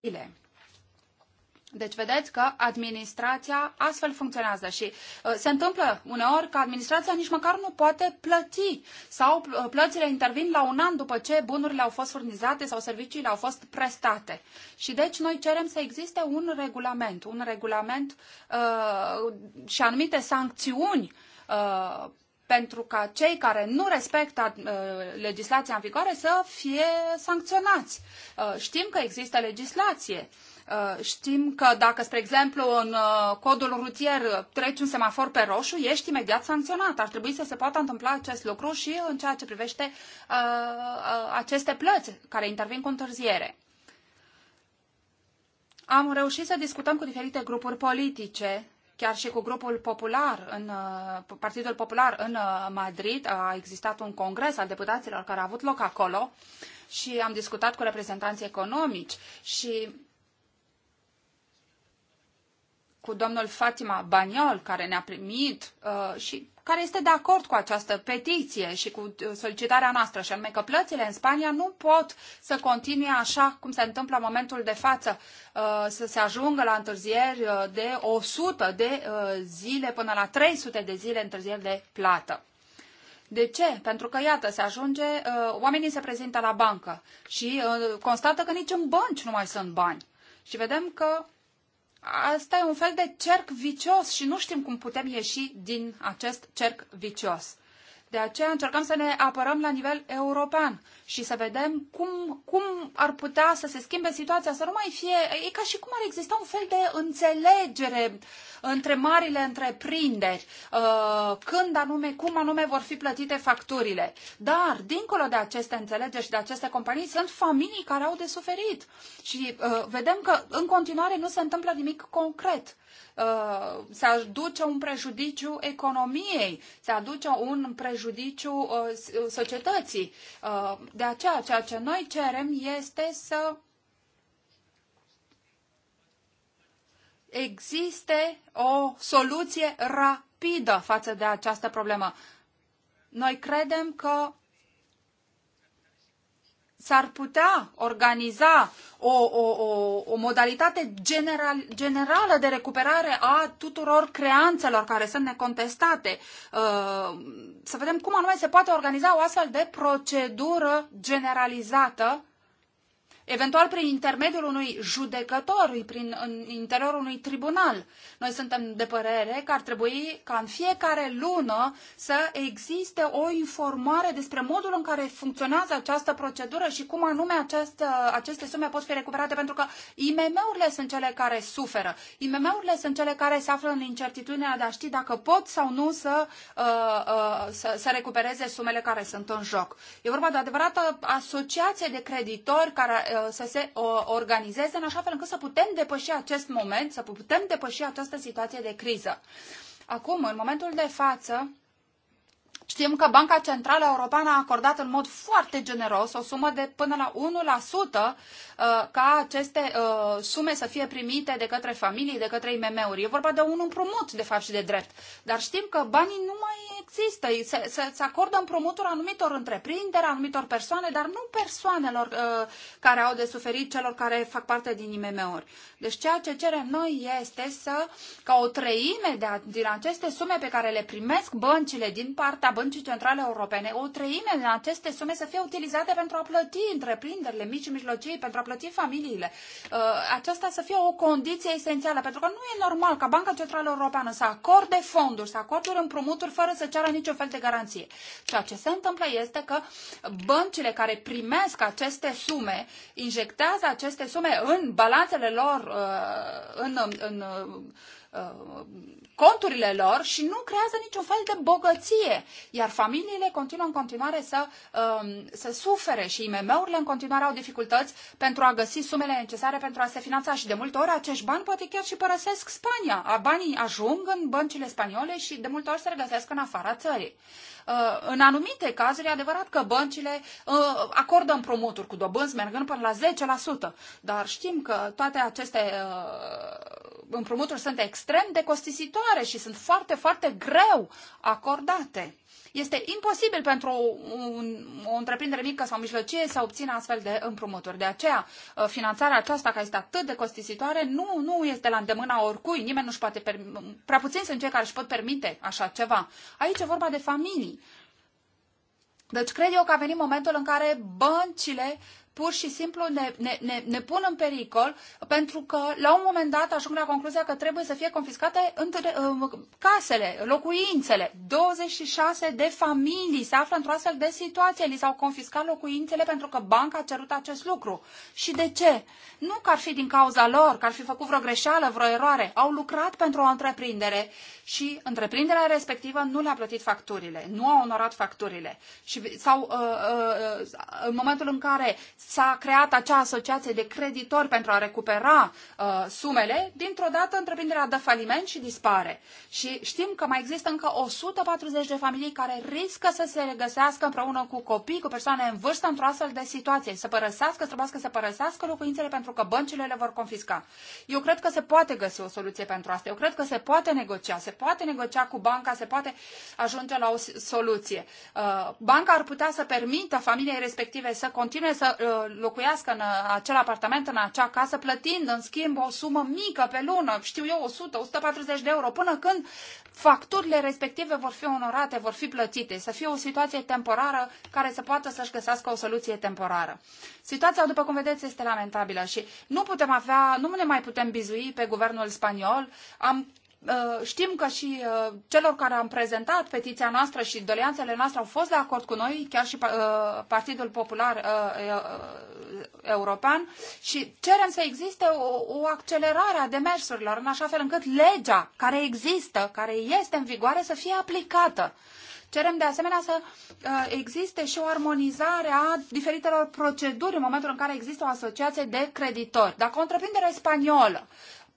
zile. Deci vedeți că administrația astfel funcționează și uh, se întâmplă uneori că administrația nici măcar nu poate plăti sau uh, plățile intervin la un an după ce bunurile au fost furnizate sau serviciile au fost prestate. Și deci noi cerem să existe un regulament, un regulament uh, și anumite sancțiuni uh, pentru ca cei care nu respectă uh, legislația în vigoare să fie sancționați. Uh, știm că există legislație. Uh, știm că dacă, spre exemplu, în codul rutier treci un semafor pe roșu, ești imediat sancționat. Ar trebui să se poată întâmpla acest lucru și în ceea ce privește aceste plăți care intervin cu întârziere. Am reușit să discutăm cu diferite grupuri politice chiar și cu grupul popular, în, uh, Partidul Popular în uh, Madrid, a existat un congres al deputaților care a avut loc acolo și am discutat cu reprezentanții economici și cu domnul Fatima Baniol, care ne-a primit uh, și care este de acord cu această petiție și cu uh, solicitarea noastră, și anume că plățile în Spania nu pot să continue așa cum se întâmplă în momentul de față, uh, să se ajungă la întârzieri uh, de 100 de zile până la 300 de zile întârzieri de plată. De ce? Pentru că, iată, se ajunge, oamenii se prezintă la bancă și constată că nici în bănci nu mai sunt bani. Și vedem că asta e un fel de cerc vicios și nu știm cum putem ieși din acest cerc vicios. De aceea încercăm să ne apărăm la nivel european și să vedem cum, cum ar putea să se schimbe situația, să nu mai fie... E ca și cum ar exista un fel de înțelegere între marile întreprinderi, uh, când anume, cum anume vor fi plătite facturile. Dar, dincolo de aceste înțelegeri și de aceste companii, sunt familii care au de suferit. Și uh, vedem că, în continuare, nu se întâmplă nimic concret. Uh, se aduce un prejudiciu economiei, se aduce un prejudiciu uh, societății. Uh, de aceea, ceea ce noi cerem este să existe o soluție rapidă față de această problemă. Noi credem că s-ar putea organiza o, o, o, o modalitate general, generală de recuperare a tuturor creanțelor care sunt necontestate. Uh, să vedem cum anume se poate organiza o astfel de procedură generalizată eventual prin intermediul unui judecător, prin în interiorul unui tribunal. Noi suntem de părere că ar trebui ca în fiecare lună să existe o informare despre modul în care funcționează această procedură și cum anume această, aceste sume pot fi recuperate, pentru că IMM-urile sunt cele care suferă. IMM-urile sunt cele care se află în incertitudinea de a ști dacă pot sau nu să, uh, uh, să, să recupereze sumele care sunt în joc. E vorba de adevărată asociație de creditori care uh, Uh, să se uh, organizeze în așa fel încât să putem depăși acest moment, să putem depăși această situație de criză. Acum, în momentul de față, Știm că Banca Centrală Europeană a acordat în mod foarte generos o sumă de până la 1% uh, ca aceste uh, sume să fie primite de către familii, de către IMM-uri. E vorba de un împrumut, de fapt, și de drept. Dar știm că banii nu mai există. Se, se, se acordă împrumuturi anumitor întreprinderi, anumitor persoane, dar nu persoanelor uh, care au de suferit celor care fac parte din IMM-uri. Deci ceea ce cerem noi este să ca o treime de, din aceste sume pe care le primesc băncile din partea Băncii Centrale Europene, o treime din aceste sume să fie utilizate pentru a plăti întreprinderile mici și mijlocii, pentru a plăti familiile. Uh, aceasta să fie o condiție esențială, pentru că nu e normal ca Banca Centrală Europeană să acorde fonduri, să acorde împrumuturi fără să ceară niciun fel de garanție. Ceea ce se întâmplă este că băncile care primesc aceste sume, injectează aceste sume în balanțele lor, uh, în, în, în uh, conturile lor și nu creează niciun fel de bogăție iar familiile continuă în continuare să, um, să sufere și IMM-urile în continuare au dificultăți pentru a găsi sumele necesare pentru a se finanța și de multe ori acești bani poate chiar și părăsesc Spania. Banii ajung în băncile spaniole și de multe ori se regăsesc în afara țării. Uh, în anumite cazuri e adevărat că băncile uh, acordă împrumuturi cu dobânzi mergând până la 10%, dar știm că toate aceste uh, împrumuturi sunt extrem de costisitoare și sunt foarte, foarte greu acordate. Este imposibil pentru un, o întreprindere mică sau mijlocie să obțină astfel de împrumuturi. De aceea, uh, finanțarea aceasta, care este atât de costisitoare, nu, nu este la îndemâna oricui. Nimeni nu-și poate permite, prea puțin sunt cei care își pot permite așa ceva. Aici e vorba de familii. Deci cred eu că a venit momentul în care băncile pur și simplu ne, ne, ne, ne pun în pericol, pentru că la un moment dat ajung la concluzia că trebuie să fie confiscate între, uh, casele, locuințele. 26 de familii se află într-o astfel de situație. Li s-au confiscat locuințele pentru că banca a cerut acest lucru. Și de ce? Nu că ar fi din cauza lor, că ar fi făcut vreo greșeală, vreo eroare. Au lucrat pentru o întreprindere și întreprinderea respectivă nu le-a plătit facturile, nu a onorat facturile. Și sau uh, uh, uh, în momentul în care s-a creat acea asociație de creditori pentru a recupera uh, sumele, dintr-o dată întreprinderea dă faliment și dispare. Și știm că mai există încă 140 de familii care riscă să se regăsească împreună cu copii, cu persoane în vârstă, într-o astfel de situație, să părăsească, să trebuiască să părăsească locuințele pentru că băncile le vor confisca. Eu cred că se poate găsi o soluție pentru asta. Eu cred că se poate negocia. Se poate negocia cu banca, se poate ajunge la o soluție. Uh, banca ar putea să permită familiei respective să continue să uh, locuiască în uh, acel apartament, în acea casă, plătind în schimb o sumă mică pe lună, știu eu, 100-140 de euro, până când facturile respective vor fi onorate, vor fi plătite, să fie o situație temporară care să poată să-și găsească o soluție temporară. Situația, după cum vedeți, este lamentabilă și nu putem avea, nu ne mai putem bizui pe guvernul spaniol. Am Uh, știm că și uh, celor care am prezentat petiția noastră și doleanțele noastre au fost de acord cu noi, chiar și uh, Partidul Popular European și cerem să existe o, o accelerare a demersurilor în așa fel încât legea care există, care este în vigoare să fie aplicată. Cerem de asemenea să existe și o armonizare a diferitelor proceduri în momentul în care există o asociație de creditori. Dacă o întreprindere spaniolă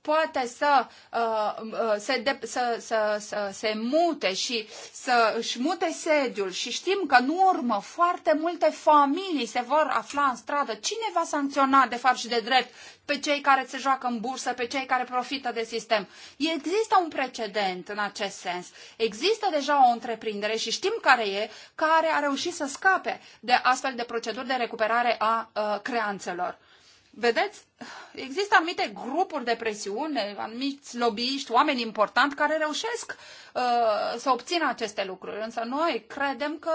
poate să, uh, uh, se, de, să, să, să se mute și să își mute sediul și știm că în urmă foarte multe familii se vor afla în stradă, cine va sancționa de fapt și de drept pe cei care se joacă în bursă, pe cei care profită de sistem. Există un precedent în acest sens. Există deja o întreprindere și știm care e, care a reușit să scape de astfel de proceduri de recuperare a uh, creanțelor. Vedeți, există anumite grupuri de presiune, anumiți lobbyiști, oameni importanti care reușesc uh, să obțină aceste lucruri. Însă noi credem că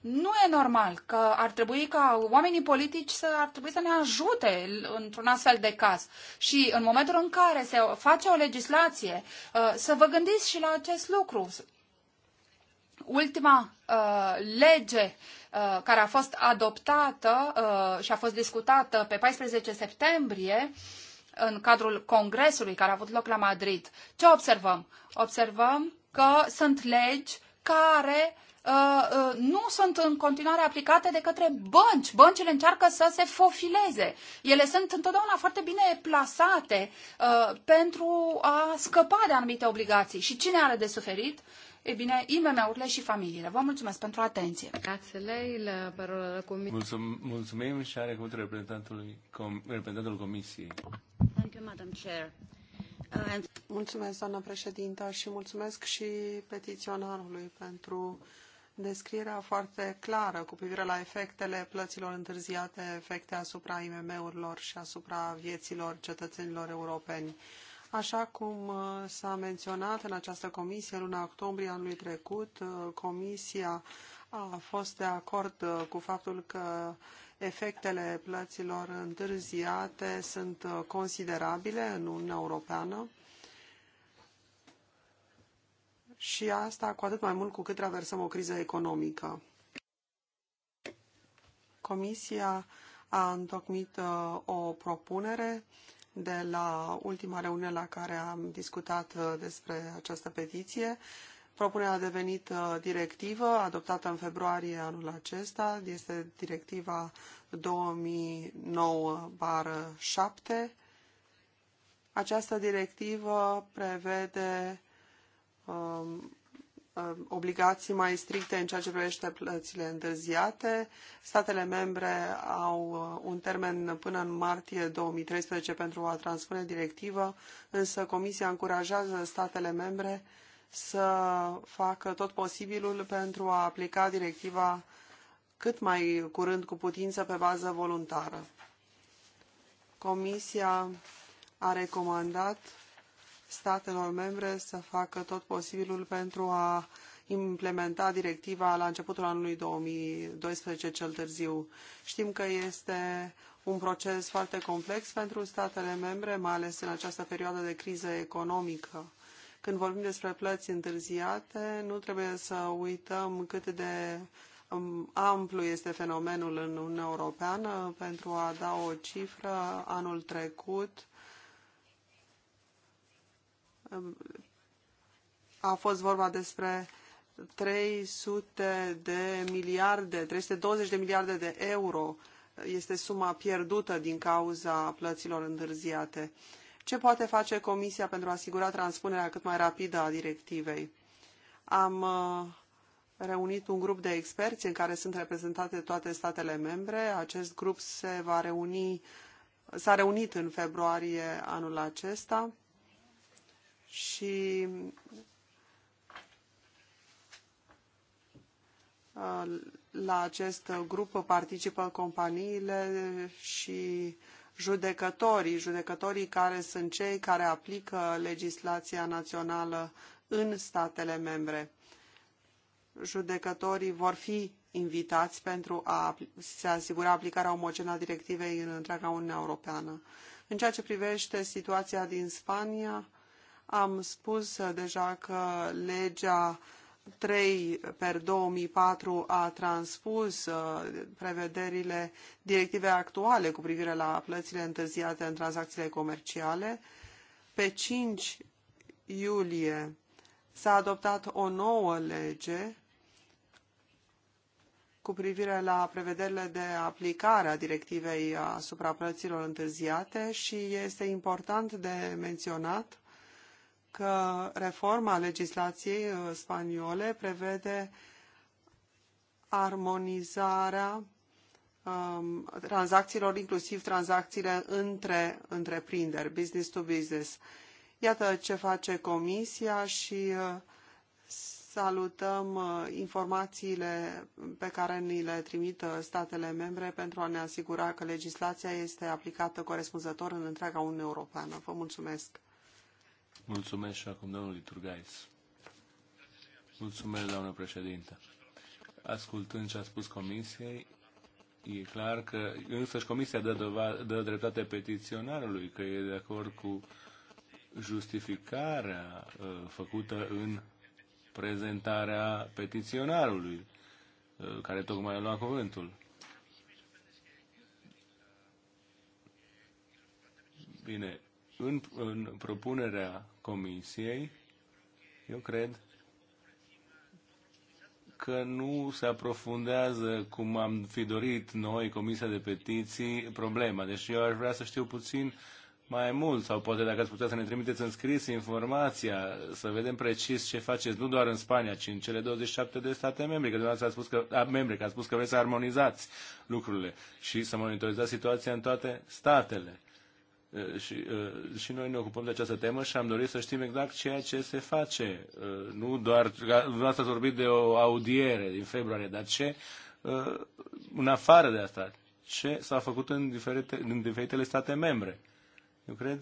nu e normal, că ar trebui ca oamenii politici să ar trebui să ne ajute într-un astfel de caz. Și în momentul în care se face o legislație, uh, să vă gândiți și la acest lucru ultima uh, lege uh, care a fost adoptată uh, și a fost discutată pe 14 septembrie în cadrul congresului care a avut loc la Madrid. Ce observăm? Observăm că sunt legi care uh, uh, nu sunt în continuare aplicate de către bănci. Băncile încearcă să se fofileze. Ele sunt întotdeauna foarte bine plasate pentru a scăpa de anumite obligații. Și cine are de suferit? e bine, IMM-urile și familiile. Vă mulțumesc pentru atenție. Mulțum, mulțumim și are cuvântul reprezentantului, com, reprezentantul Comisiei. Thank you, Madam Chair. Uh, mulțumesc, doamnă președintă, și mulțumesc și petiționarului pentru descrierea foarte clară cu privire la efectele plăților întârziate, efecte asupra IMM-urilor și asupra vieților cetățenilor europeni. Așa cum uh, s-a menționat în această comisie luna octombrie anului trecut, uh, comisia a fost de acord uh, cu faptul că efectele plăților întârziate sunt considerabile în Uniunea Europeană și asta cu atât mai mult cu cât traversăm o criză economică. Comisia a întocmit o propunere de la ultima reuniune la care am discutat uh, despre această petiție. Propunerea a devenit uh, directivă, adoptată în februarie anul acesta. Este directiva 2009-7. Această directivă prevede um, Um, obligații mai stricte în ceea ce privește plățile întârziate. Statele membre au uh, un termen până în martie 2013 pentru a transpune directivă, însă Comisia încurajează statele membre să facă tot posibilul pentru a aplica directiva cât mai curând cu putință pe bază voluntară. Comisia a recomandat statelor membre să facă tot posibilul pentru a implementa directiva la începutul anului 2012 cel târziu. Știm că este un proces foarte complex pentru statele membre, mai ales în această perioadă de criză economică. Când vorbim despre plăți întârziate, nu trebuie să uităm cât de um, amplu este fenomenul în Uniunea Europeană. Pentru a da o cifră, anul trecut a fost vorba despre 300 de miliarde, 320 de miliarde de euro este suma pierdută din cauza plăților întârziate. Ce poate face Comisia pentru a asigura transpunerea cât mai rapidă a directivei? Am uh, reunit un grup de experți în care sunt reprezentate toate statele membre. Acest grup se va reuni, s-a reunit în februarie anul acesta și uh, la acest grup participă companiile și judecătorii, judecătorii care sunt cei care aplică legislația națională în statele membre. Judecătorii vor fi invitați pentru a se asigura aplicarea omogenă a directivei în întreaga Uniunea Europeană. În ceea ce privește situația din Spania, am spus deja că legea 3 per 2004 a transpus uh, prevederile directivei actuale cu privire la plățile întârziate în tranzacțiile comerciale. Pe 5 iulie s-a adoptat o nouă lege cu privire la prevederile de aplicare a directivei asupra plăților întârziate și este important de menționat că reforma legislației uh, spaniole prevede armonizarea um, tranzacțiilor, inclusiv tranzacțiile între întreprinderi, business to business. Iată ce face Comisia și uh, salutăm uh, informațiile pe care ni le trimit statele membre pentru a ne asigura că legislația este aplicată corespunzător în întreaga Uniune Europeană. Vă mulțumesc! Mulțumesc și acum domnul Liturgais. Mulțumesc, doamnă președinte. Ascultând ce a spus comisiei, e clar că însăși comisia dă, dovadă, dă dreptate petiționarului, că e de acord cu justificarea uh, făcută în prezentarea petiționarului, uh, care tocmai a luat cuvântul. Bine, în, în propunerea Comisiei, eu cred că nu se aprofundează cum am fi dorit noi, Comisia de Petiții, problema. Deci eu aș vrea să știu puțin mai mult, sau poate dacă ați putea să ne trimiteți în scris informația, să vedem precis ce faceți, nu doar în Spania, ci în cele 27 de state membre, că dumneavoastră ați spus că, a, membre, că ați spus că vreți să armonizați lucrurile și să monitorizați situația în toate statele. Eh, și, eh, și noi ne ocupăm de această temă și am dorit să știm exact ceea ce se face. Eh, nu doar, nu ați vorbit de o audiere din februarie, dar ce, în afară de asta, ce s-a făcut în, diferite, în diferitele state membre. Eu cred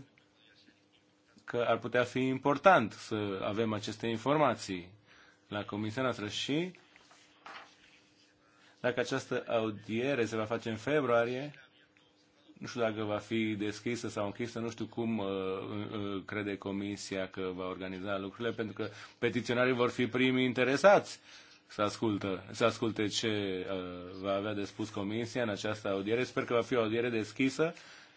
că ar putea fi important să avem aceste informații la Comisia noastră și dacă această audiere se va face în februarie, nu știu dacă va fi deschisă sau închisă, nu știu cum uh, uh, crede Comisia că va organiza lucrurile, pentru că petiționarii vor fi primii interesați să, ascultă, să asculte ce uh, va avea de spus Comisia în această audiere. Sper că va fi o audiere deschisă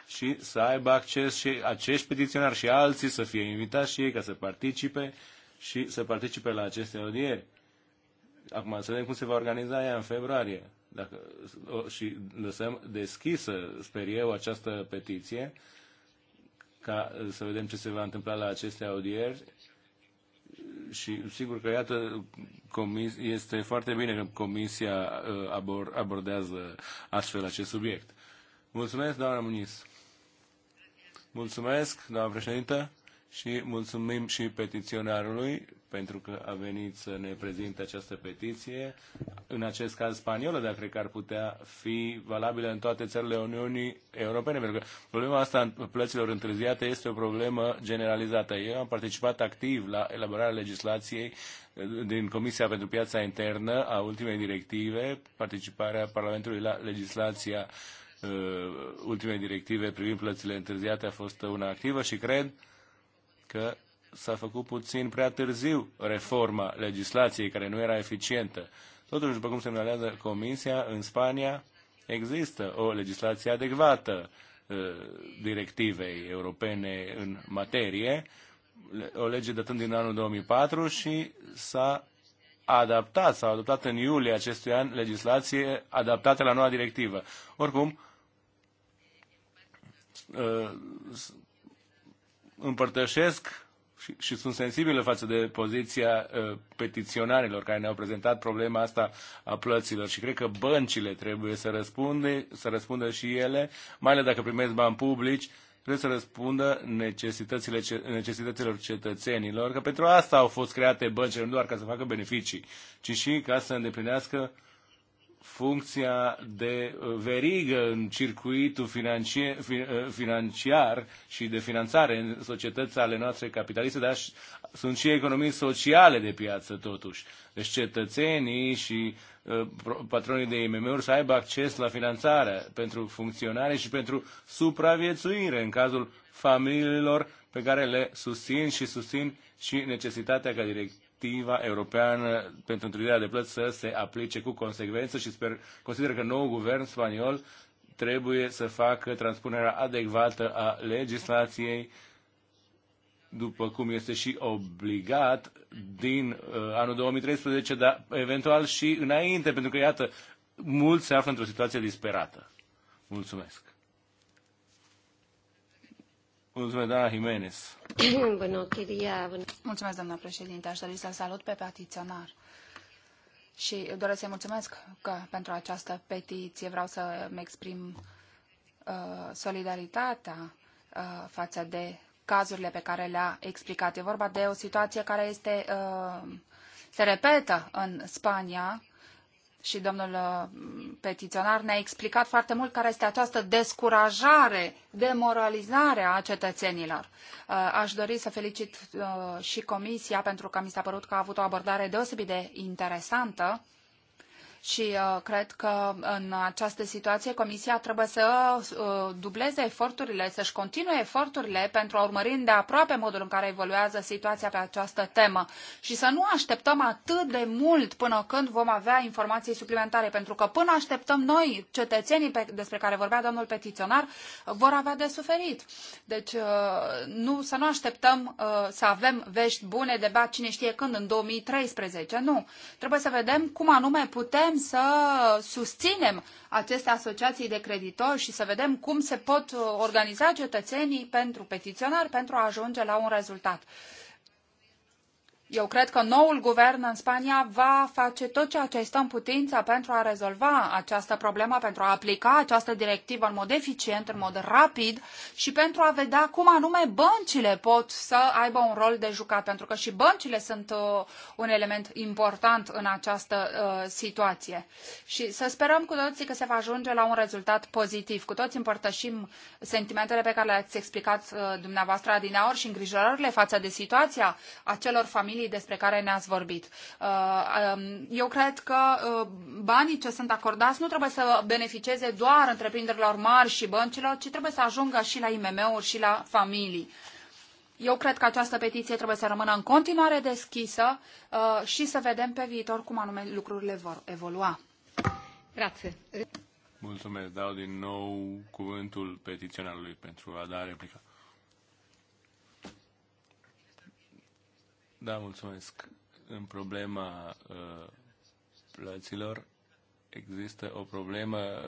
și să aibă acces și acești petiționari și alții să fie invitați și ei ca să participe și să participe la aceste audieri. Acum să vedem cum se va organiza ea în februarie dacă, și lăsăm deschisă, sper eu, această petiție ca să vedem ce se va întâmpla la aceste audieri și sigur că, iată, comis, este foarte bine că Comisia ă, abor, abordează astfel acest subiect. Mulțumesc, doamna Muniz. Mulțumesc, doamna președintă, și mulțumim și petiționarului pentru că a venit să ne prezinte această petiție, în acest caz spaniolă, dar cred că ar putea fi valabilă în toate țările Uniunii Europene, pentru că problema asta în plăților întârziate este o problemă generalizată. Eu am participat activ la elaborarea legislației din Comisia pentru Piața Internă a ultimei directive, participarea Parlamentului la legislația uh, ultimei directive privind plățile întârziate a fost una activă și cred că s-a făcut puțin prea târziu reforma legislației care nu era eficientă. Totuși, după cum semnalează Comisia, în Spania există o legislație adecvată uh, directivei europene în materie, o lege datând din anul 2004 și s-a adaptat, s-a adoptat în iulie acestui an legislație adaptată la noua directivă. Oricum, uh, împărtășesc și, și sunt sensibilă față de poziția uh, petiționarilor care ne-au prezentat problema asta a plăților și cred că băncile trebuie să, răspunde, să răspundă și ele, mai ales dacă primesc bani publici, trebuie să răspundă necesitățile, necesităților cetățenilor, că pentru asta au fost create băncile, nu doar ca să facă beneficii, ci și ca să îndeplinească uh, funcția de uh, verigă în circuitul financiar, uh, financiar și de finanțare în societăți ale noastre capitaliste, dar sunt și economii sociale de piață totuși. Deci cetățenii și uh, patronii de IMM-uri să aibă acces la finanțare pentru funcționare și pentru supraviețuire în cazul familiilor pe care le susțin și susțin și necesitatea ca direct directiva europeană pentru întârzierea de plăți să se aplice cu consecvență și sper, consider că nou guvern spaniol trebuie să facă transpunerea adecvată a legislației după cum este și obligat din uh, anul 2013, dar eventual și înainte, pentru că, iată, mulți se află într-o situație disperată. Mulțumesc! Mulțumesc, doamna Jimenez. Mulțumesc, doamna președinte. Aș dori să salut pe petiționar. Și doresc să-i mulțumesc că pentru această petiție vreau să-mi exprim uh, solidaritatea uh, față de cazurile pe care le-a explicat. E vorba de o situație care este, uh, se repetă în Spania, și domnul uh, petiționar ne-a explicat foarte mult care este această descurajare, demoralizare a cetățenilor. Uh, aș dori să felicit uh, și Comisia pentru că mi s-a părut că a avut o abordare deosebit de interesantă și uh, cred că în această situație Comisia trebuie să uh, dubleze eforturile, să-și continue eforturile pentru a urmări îndeaproape modul în care evoluează situația pe această temă și să nu așteptăm atât de mult până când vom avea informații suplimentare, pentru că până așteptăm noi, cetățenii pe, despre care vorbea domnul petiționar, vor avea de suferit. Deci uh, nu, să nu așteptăm să avem vești bune de bat cine știe când, în 2013, nu. Trebuie să vedem cum anume putem putem să susținem aceste asociații de creditori și să vedem cum se pot uh, organiza cetățenii pentru petiționari pentru a ajunge la un rezultat. Eu cred că noul guvern în Spania va face tot ceea ce stă în putință pentru a rezolva această problemă, pentru a aplica această directivă în mod eficient, în mod rapid și pentru a vedea cum anume băncile pot să aibă un rol de jucat, pentru că și băncile sunt uh, un element important în această uh, situație. Și să sperăm cu toții că se va ajunge la un rezultat pozitiv. Cu toți împărtășim sentimentele pe care le-ați explicat uh, dumneavoastră adineaori și îngrijorările față de situația acelor familii familii despre care ne-ați vorbit. Uh, um, eu cred că uh, banii ce sunt acordați nu trebuie să beneficieze doar întreprinderilor mari și băncilor, ci trebuie să ajungă și la IMM-uri și la familii. Eu cred că această petiție trebuie să rămână în continuare deschisă uh, și să vedem pe viitor cum anume lucrurile vor evolua. Grație. Mulțumesc. Dau din nou cuvântul petiționarului pentru a da replica. Da, mulțumesc. În problema uh, plăților, există o problemă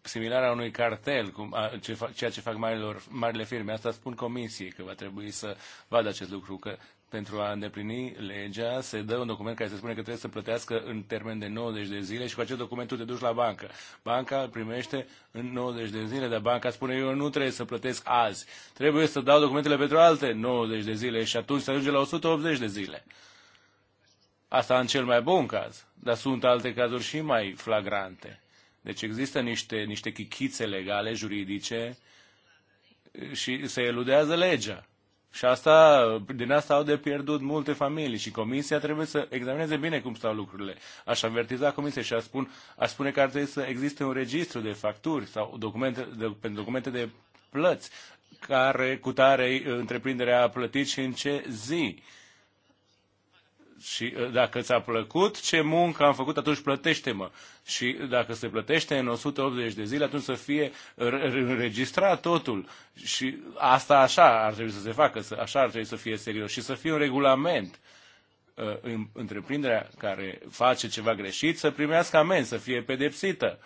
similară a unui cartel, cum, a, ce fac, ceea ce fac marilor, marile firme. Asta spun comisiei, că va trebui să vadă acest lucru, că pentru a îndeplini legea se dă un document care se spune că trebuie să plătească în termen de 90 de zile și cu acest document tu te duci la bancă. Banca îl primește în 90 de zile, dar banca spune eu nu trebuie să plătesc azi. Trebuie să dau documentele pentru alte 90 de zile și atunci se ajunge la 180 de zile. Asta în cel mai bun caz, dar sunt alte cazuri și mai flagrante. Deci există niște, niște chichițe legale, juridice, și se eludează legea. Și asta, din asta au de pierdut multe familii și comisia trebuie să examineze bine cum stau lucrurile. Aș avertiza comisia și aș, spun, aș spune că ar trebui să existe un registru de facturi sau documente de, pentru documente de plăți care cu tare întreprinderea a plătit și în ce zi. Uh, și uh, dacă ți-a plăcut ce muncă am făcut, atunci plătește-mă. Și dacă se plătește în 180 de zile, atunci să fie înregistrat totul. Și asta așa ar trebui să se facă, așa ar trebui să fie serios și să fie un regulament uh, întreprinderea care face ceva greșit să primească amenzi, să fie pedepsită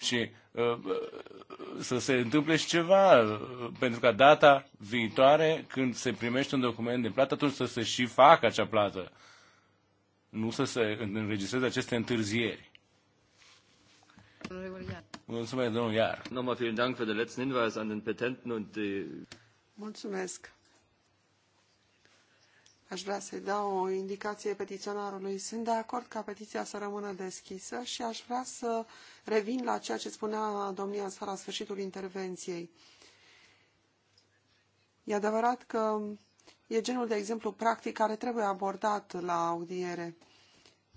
și uh, să se întâmple și ceva, pentru ca data viitoare, când se primește un document de plată, atunci să se și facă acea plată nu să se înregistreze aceste întârzieri. Mulțumesc, domnul Iar. Nochmal vielen Dank für den letzten Hinweis an den Petenten und die... Mulțumesc. Aș vrea să-i dau o indicație petiționarului. Sunt de acord ca petiția să rămână deschisă și aș vrea să revin la ceea ce spunea domnia Sfara sfârșitul intervenției. E adevărat că e genul de exemplu practic care trebuie abordat la audiere.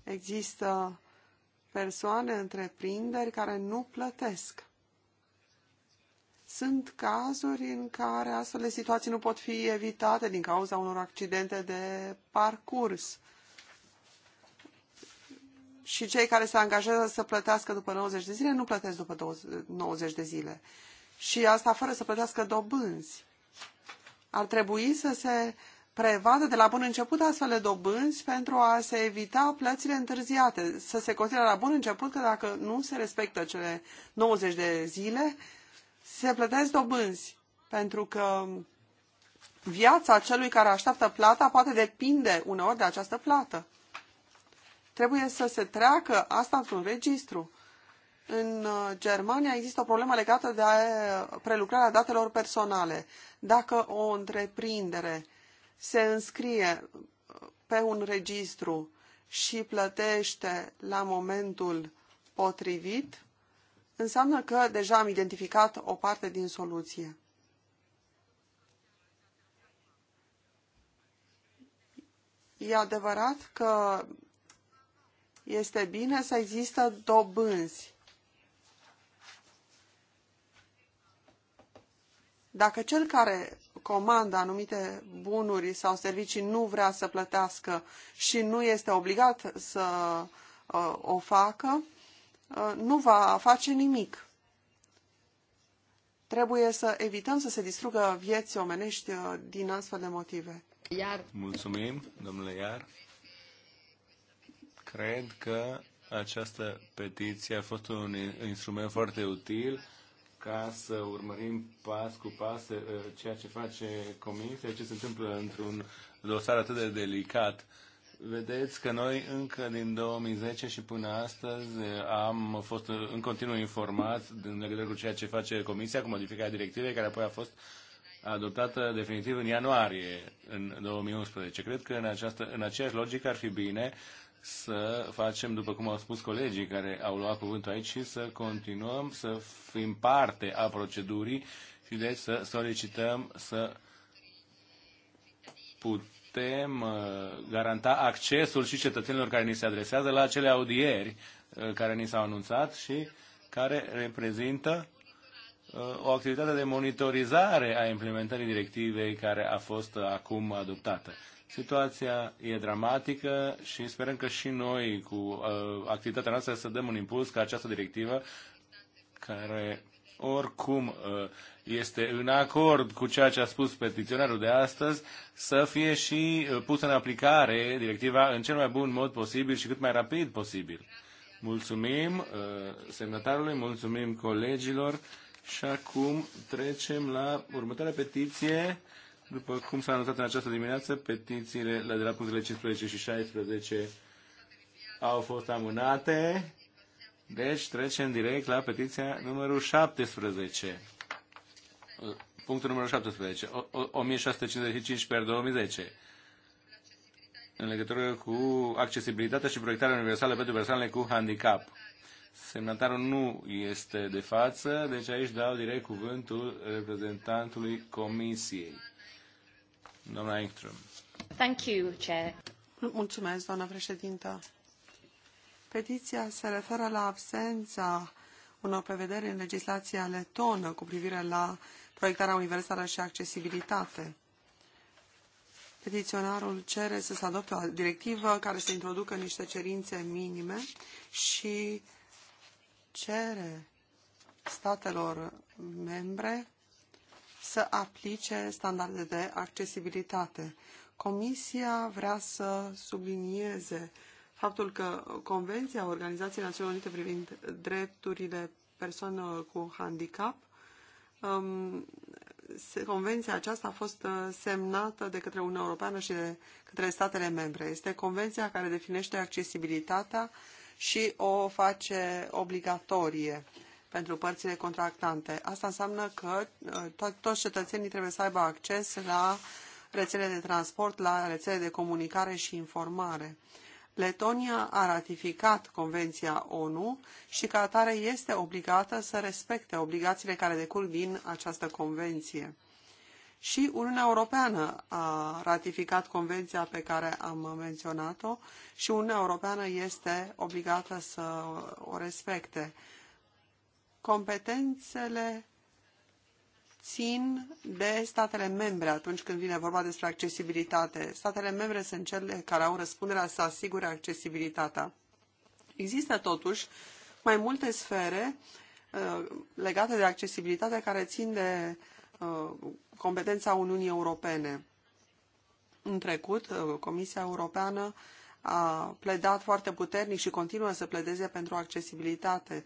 Există persoane, întreprinderi care nu plătesc. Sunt cazuri în care astfel de situații nu pot fi evitate din cauza unor accidente de parcurs. Și cei care se angajează să plătească după 90 de zile nu plătesc după 90 de zile. Și asta fără să plătească dobânzi. Ar trebui să se prevadă de la bun început astfel de dobânzi pentru a se evita plățile întârziate. Să se consideră la bun început că dacă nu se respectă cele 90 de zile, se plătesc dobânzi. Pentru că viața celui care așteaptă plata poate depinde uneori de această plată. Trebuie să se treacă asta într-un registru. În uh, Germania există o problemă legată de uh, prelucrarea datelor personale. Dacă o întreprindere se înscrie uh, pe un registru și plătește la momentul potrivit, înseamnă că deja am identificat o parte din soluție. E adevărat că este bine să există dobânzi Dacă cel care comandă anumite bunuri sau servicii nu vrea să plătească și nu este obligat să uh, o facă, uh, nu va face nimic. Trebuie să evităm să se distrugă vieți omenești uh, din astfel de motive. Iar. Mulțumim, domnule Iar. Cred că această petiție a fost un instrument foarte util ca să urmărim pas cu pas uh, ceea ce face Comisia, ce se întâmplă într-un dosar atât de delicat. Vedeți că noi încă din 2010 și până astăzi uh, am fost în continuu informat în legătură cu ceea ce face Comisia cu modificarea directivei care apoi a fost adoptată definitiv în ianuarie în 2011. Cred că în, această, în aceeași logică ar fi bine să facem, după cum au spus colegii care au luat cuvântul aici, și să continuăm să fim parte a procedurii și de să solicităm să putem uh, garanta accesul și cetățenilor care ni se adresează la acele audieri uh, care ni s-au anunțat și care reprezintă uh, o activitate de monitorizare a implementării directivei care a fost acum adoptată. Situația e dramatică și sperăm că și noi, cu uh, activitatea noastră, să dăm un impuls ca această directivă, care oricum uh, este în acord cu ceea ce a spus petiționarul de astăzi, să fie și uh, pusă în aplicare directiva în cel mai bun mod posibil și cât mai rapid posibil. Mulțumim uh, semnătarului, mulțumim colegilor și acum trecem la următoarea petiție după cum s-a anunțat în această dimineață, petițiile de la punctele 15 și 16 au fost amânate. Deci trecem direct la petiția numărul 17. Punctul numărul 17. O, 1655 per 2010 în legătură cu accesibilitatea și proiectarea universală pentru persoanele cu handicap. Semnatarul nu este de față, deci aici dau direct cuvântul reprezentantului Comisiei. Doamna Engström. Thank you, Chair. Mulțumesc, doamna președintă. Petiția se referă la absența unor prevederi în legislația letonă cu privire la proiectarea universală și accesibilitate. Petiționarul cere să se adopte o directivă care să introducă niște cerințe minime și cere statelor membre să aplice standarde de accesibilitate. Comisia vrea să sublinieze faptul că Convenția Organizației Națiunilor Unite privind drepturile persoanelor cu handicap, um, convenția aceasta a fost uh, semnată de către Uniunea Europeană și de către statele membre. Este convenția care definește accesibilitatea și o face obligatorie pentru părțile contractante. Asta înseamnă că uh, to toți cetățenii trebuie să aibă acces la rețele de transport, la rețele de comunicare și informare. Letonia a ratificat Convenția ONU și ca atare este obligată să respecte obligațiile care decurg din această convenție. Și Uniunea Europeană a ratificat convenția pe care am menționat-o și Uniunea Europeană este obligată să o respecte competențele țin de statele membre atunci când vine vorba despre accesibilitate. Statele membre sunt cele care au răspunderea să asigure accesibilitatea. Există totuși mai multe sfere uh, legate de accesibilitate care țin de uh, competența Uniunii Europene. În trecut, uh, Comisia Europeană a pledat foarte puternic și continuă să pledeze pentru accesibilitate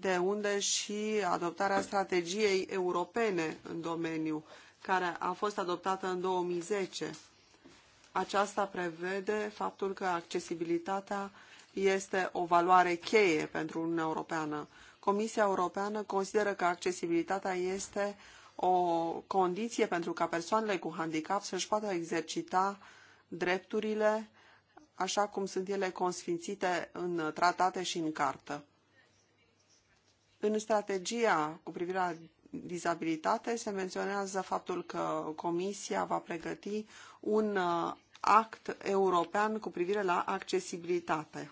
de unde și adoptarea strategiei europene în domeniu, care a fost adoptată în 2010. Aceasta prevede faptul că accesibilitatea este o valoare cheie pentru Uniunea Europeană. Comisia Europeană consideră că accesibilitatea este o condiție pentru ca persoanele cu handicap să-și poată exercita drepturile așa cum sunt ele consfințite în tratate și în cartă. În strategia cu privire la dizabilitate se menționează faptul că Comisia va pregăti un uh, act european cu privire la accesibilitate.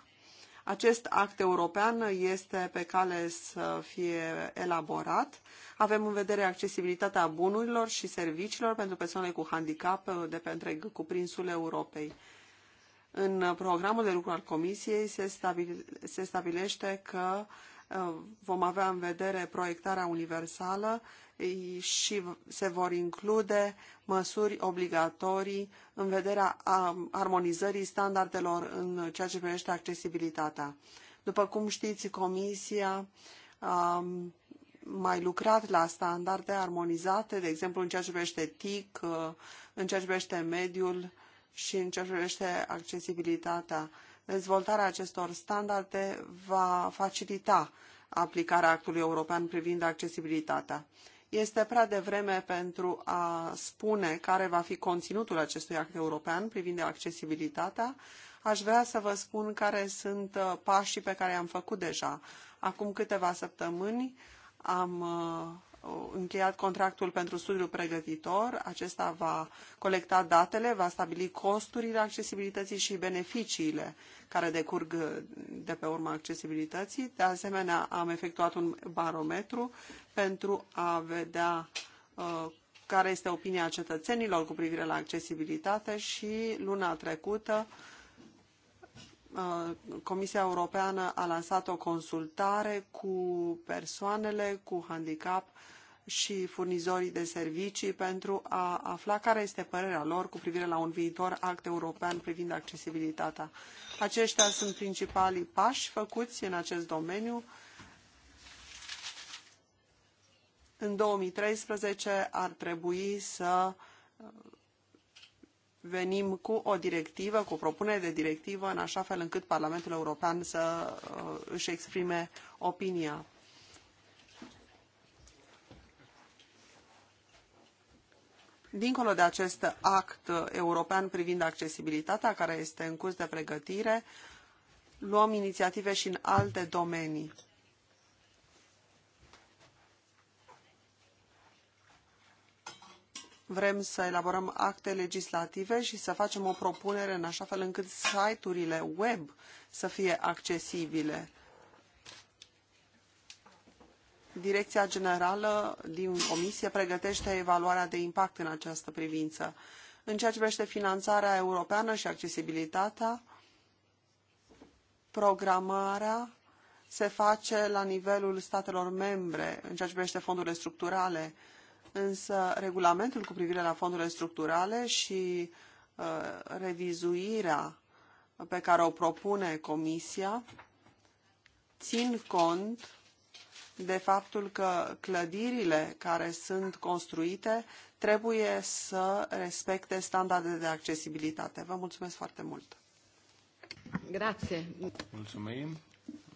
Acest act european este pe cale să fie elaborat. Avem în vedere accesibilitatea bunurilor și serviciilor pentru persoanele cu handicap uh, de pe întreg cuprinsul Europei. În programul de lucru al Comisiei se, stabilește că uh, vom avea în vedere proiectarea universală și se vor include măsuri obligatorii în vederea armonizării standardelor în ceea ce privește accesibilitatea. După cum știți, Comisia a mai lucrat la standarde armonizate, de exemplu în ceea ce privește TIC, în ceea ce privește mediul și în ceea ce privește accesibilitatea. Dezvoltarea acestor standarde va facilita aplicarea actului european privind accesibilitatea. Este prea devreme pentru a spune care va fi conținutul acestui act european privind accesibilitatea. Aș vrea să vă spun care sunt uh, pașii pe care i-am făcut deja. Acum câteva săptămâni am uh, încheiat contractul pentru studiul pregătitor. Acesta va colecta datele, va stabili costurile accesibilității și beneficiile care decurg de pe urma accesibilității. De asemenea, am efectuat un barometru pentru a vedea uh, care este opinia cetățenilor cu privire la accesibilitate și luna trecută uh, Comisia Europeană a lansat o consultare cu persoanele cu handicap și furnizorii de servicii pentru a afla care este părerea lor cu privire la un viitor act european privind accesibilitatea. Aceștia sunt principalii pași făcuți în acest domeniu. În 2013 ar trebui să uh, venim cu o directivă, cu o propunere de directivă, în așa fel încât Parlamentul European să uh, își exprime opinia. Dincolo de acest act european privind accesibilitatea, care este în curs de pregătire, luăm inițiative și în alte domenii. Vrem să elaborăm acte legislative și să facem o propunere în așa fel încât site-urile web să fie accesibile. Direcția Generală din Comisie pregătește evaluarea de impact în această privință. În ceea ce privește finanțarea europeană și accesibilitatea, programarea se face la nivelul statelor membre în ceea ce privește fondurile structurale, însă regulamentul cu privire la fondurile structurale și uh, revizuirea pe care o propune Comisia țin cont de faptul că clădirile care sunt construite trebuie să respecte standarde de accesibilitate. Vă mulțumesc foarte mult! Grație! Mulțumim,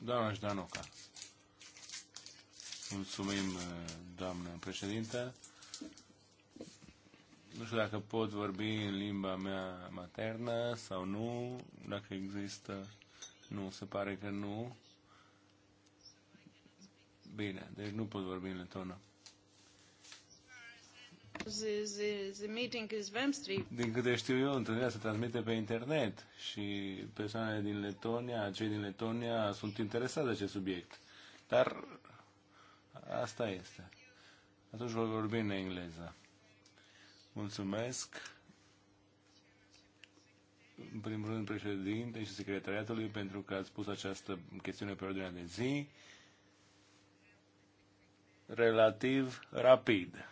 doamna Jdanoca! Mulțumim, eh, doamnă președinte. Nu știu dacă pot vorbi în limba mea maternă sau nu, dacă există... Nu, se pare că nu. Bine, deci nu pot vorbi în letonă. The, meeting is Din câte știu eu, întâlnirea se transmite pe internet și persoanele din Letonia, cei din Letonia sunt interesați de acest subiect. Dar asta este. Atunci voi vorbi în engleză. Mulțumesc în primul rând președinte și secretariatului pentru că ați pus această chestiune pe ordinea de zi relativ rapid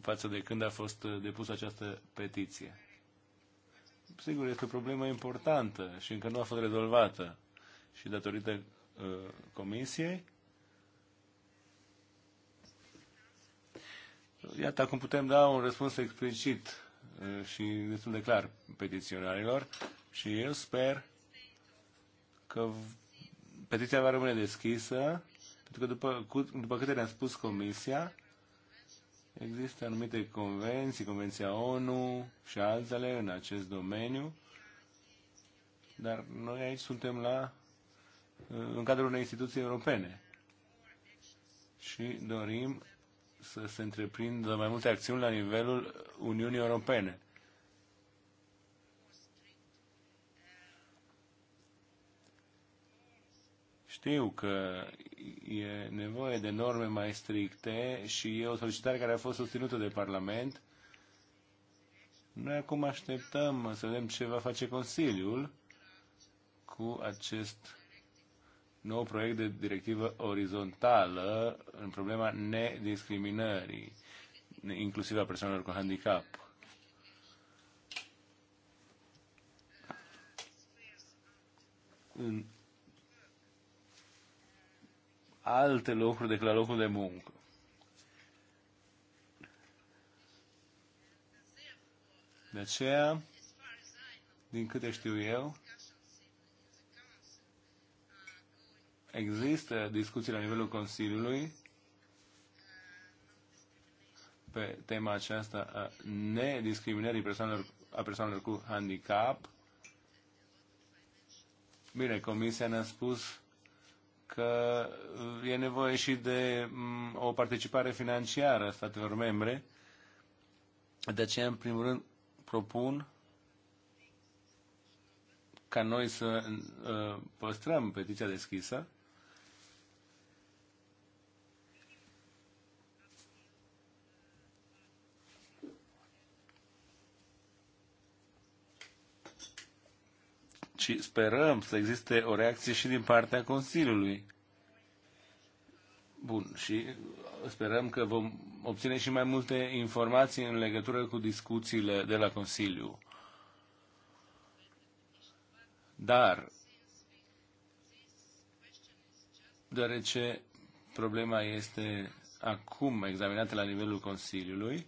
față de când a fost uh, depusă această petiție. Sigur, este o problemă importantă și încă nu a fost rezolvată. Și datorită uh, comisiei, iată acum putem da un răspuns explicit uh, și destul de clar petiționarilor și eu sper că petiția va rămâne deschisă, pentru că după, cu, după câte ne-a spus Comisia, există anumite convenții, Convenția ONU și altele în acest domeniu, dar noi aici suntem la, în cadrul unei instituții europene și dorim să se întreprindă mai multe acțiuni la nivelul Uniunii Europene. Știu că e nevoie de norme mai stricte și e o solicitare care a fost susținută de Parlament. Noi acum așteptăm să vedem ce va face Consiliul cu acest nou proiect de directivă orizontală în problema nediscriminării, inclusiv a persoanelor cu handicap. În alte locuri decât la locul de muncă. De aceea, din câte știu eu, există discuții la nivelul Consiliului pe tema aceasta a nediscriminării persoanelor, a persoanelor cu handicap. Bine, Comisia ne-a spus că e nevoie și de mm, o participare financiară a statelor membre. De aceea, în primul rând, propun ca noi să uh, păstrăm petiția deschisă și sperăm să existe o reacție și din partea Consiliului. Bun, și sperăm că vom obține și mai multe informații în legătură cu discuțiile de la Consiliu. Dar, deoarece problema este acum examinată la nivelul Consiliului,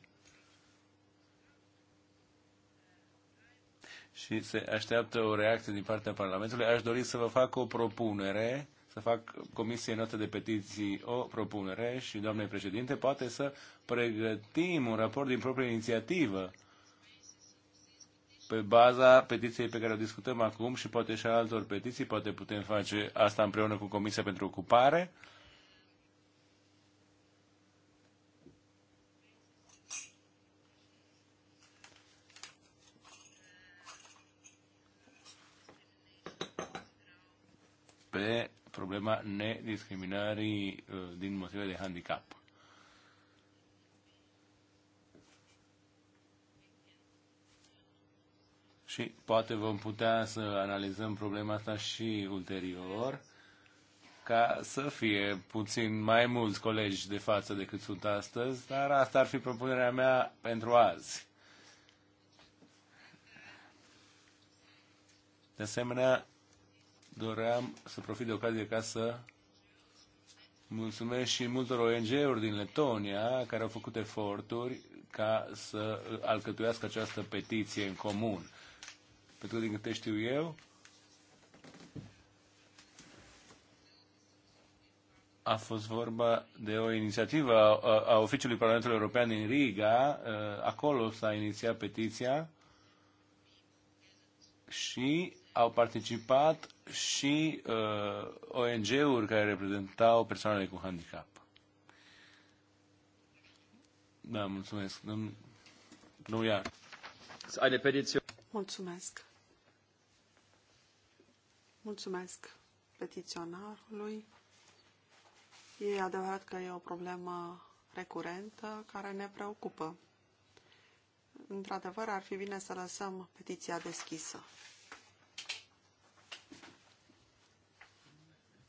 și se așteaptă o reacție din partea Parlamentului. Aș dori să vă fac o propunere, să fac Comisiei Note de Petiții o propunere și, doamne președinte, poate să pregătim un raport din proprie inițiativă pe baza petiției pe care o discutăm acum și poate și altor petiții, poate putem face asta împreună cu Comisia pentru Ocupare pe problema nediscriminării uh, din motive de handicap. Și poate vom putea să analizăm problema asta și ulterior, ca să fie puțin mai mulți colegi de față decât sunt astăzi, dar asta ar fi propunerea mea pentru azi. De asemenea, doream să profit de ocazie ca să mulțumesc și multor ONG-uri din Letonia care au făcut eforturi ca să alcătuiască această petiție în comun. Pentru că, din câte știu eu, a fost vorba de o inițiativă a, a Oficiului Parlamentului European din Riga. Acolo s-a inițiat petiția și au participat și uh, ONG-uri care reprezentau persoanele cu handicap. Da, mulțumesc. Nu, Domnul Iar. Eine petiție. Mulțumesc. Mulțumesc petiționarului. E adevărat că e o problemă recurentă care ne preocupă. Într-adevăr, ar fi bine să lăsăm petiția deschisă.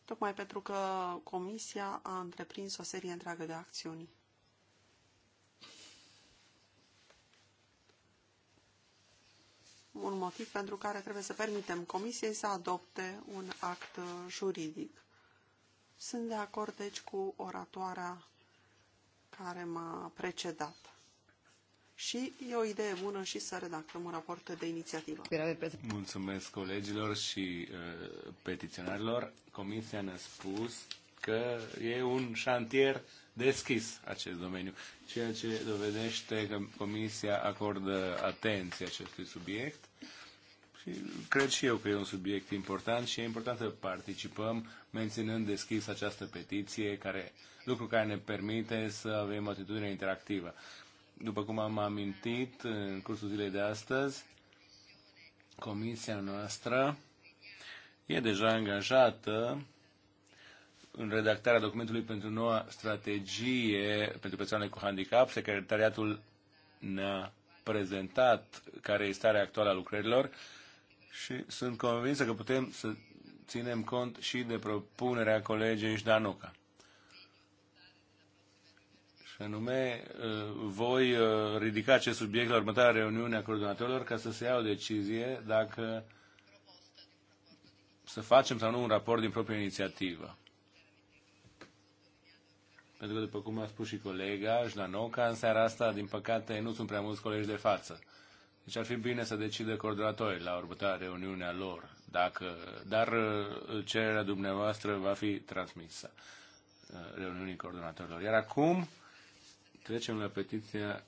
tocmai pentru că Comisia a întreprins o serie întreagă de acțiuni. Un motiv pentru care trebuie să permitem Comisiei să adopte un act juridic. Sunt de acord, deci, cu oratoarea care m-a precedat și e o idee bună și să redactăm un raport de inițiativă. Mulțumesc colegilor și uh, petiționarilor. Comisia ne-a spus că e un șantier deschis acest domeniu, ceea ce dovedește că Comisia acordă atenție acestui subiect. Și cred și eu că e un subiect important și e important să participăm menținând deschis această petiție, care, lucru care ne permite să avem o atitudine interactivă. După cum am amintit în cursul zilei de astăzi, comisia noastră e deja angajată în redactarea documentului pentru noua strategie pentru persoanele cu handicap. Secretariatul ne-a prezentat care este starea actuală a lucrărilor și sunt convinsă că putem să ținem cont și de propunerea colegei Ștanuca. Și anume, ă, voi ă, ridica acest subiect la următoarea reuniune a coordonatorilor ca să se ia o decizie dacă să facem sau nu un raport din propria inițiativă. Pentru că, după cum a spus și colega Jnanoca, în seara asta, din păcate, nu sunt prea mulți colegi de față. Deci ar fi bine să decide coordonatorii la următoarea reuniune a lor, dacă, dar ă, cererea dumneavoastră va fi transmisă reuniunii coordonatorilor. Iar acum Trecem la petiția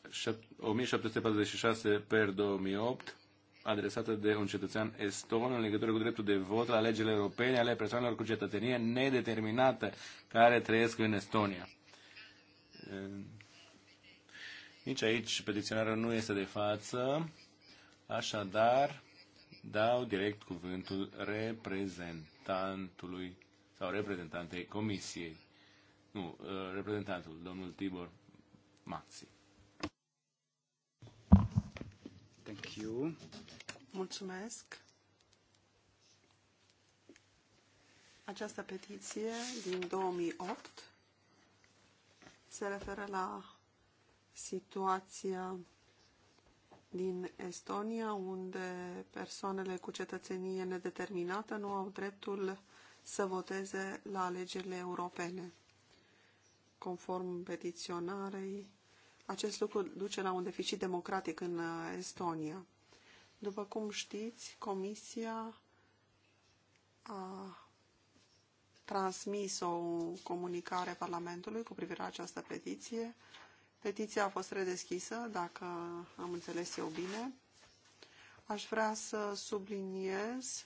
1746 per 2008 adresată de un cetățean eston în legătură cu dreptul de vot la legile europene ale persoanelor cu cetățenie nedeterminată care trăiesc în Estonia. Nici aici petiționarul nu este de față, așadar dau direct cuvântul reprezentantului sau reprezentantei comisiei. Nu, uh, reprezentantul, domnul Tibor Thank you. Mulțumesc. Această petiție din 2008 se referă la situația din Estonia, unde persoanele cu cetățenie nedeterminată nu au dreptul să voteze la alegerile europene. Conform petiționarei, acest lucru duce la un deficit democratic în uh, Estonia. După cum știți, Comisia a transmis o comunicare Parlamentului cu privire la această petiție. Petiția a fost redeschisă, dacă am înțeles eu bine. Aș vrea să subliniez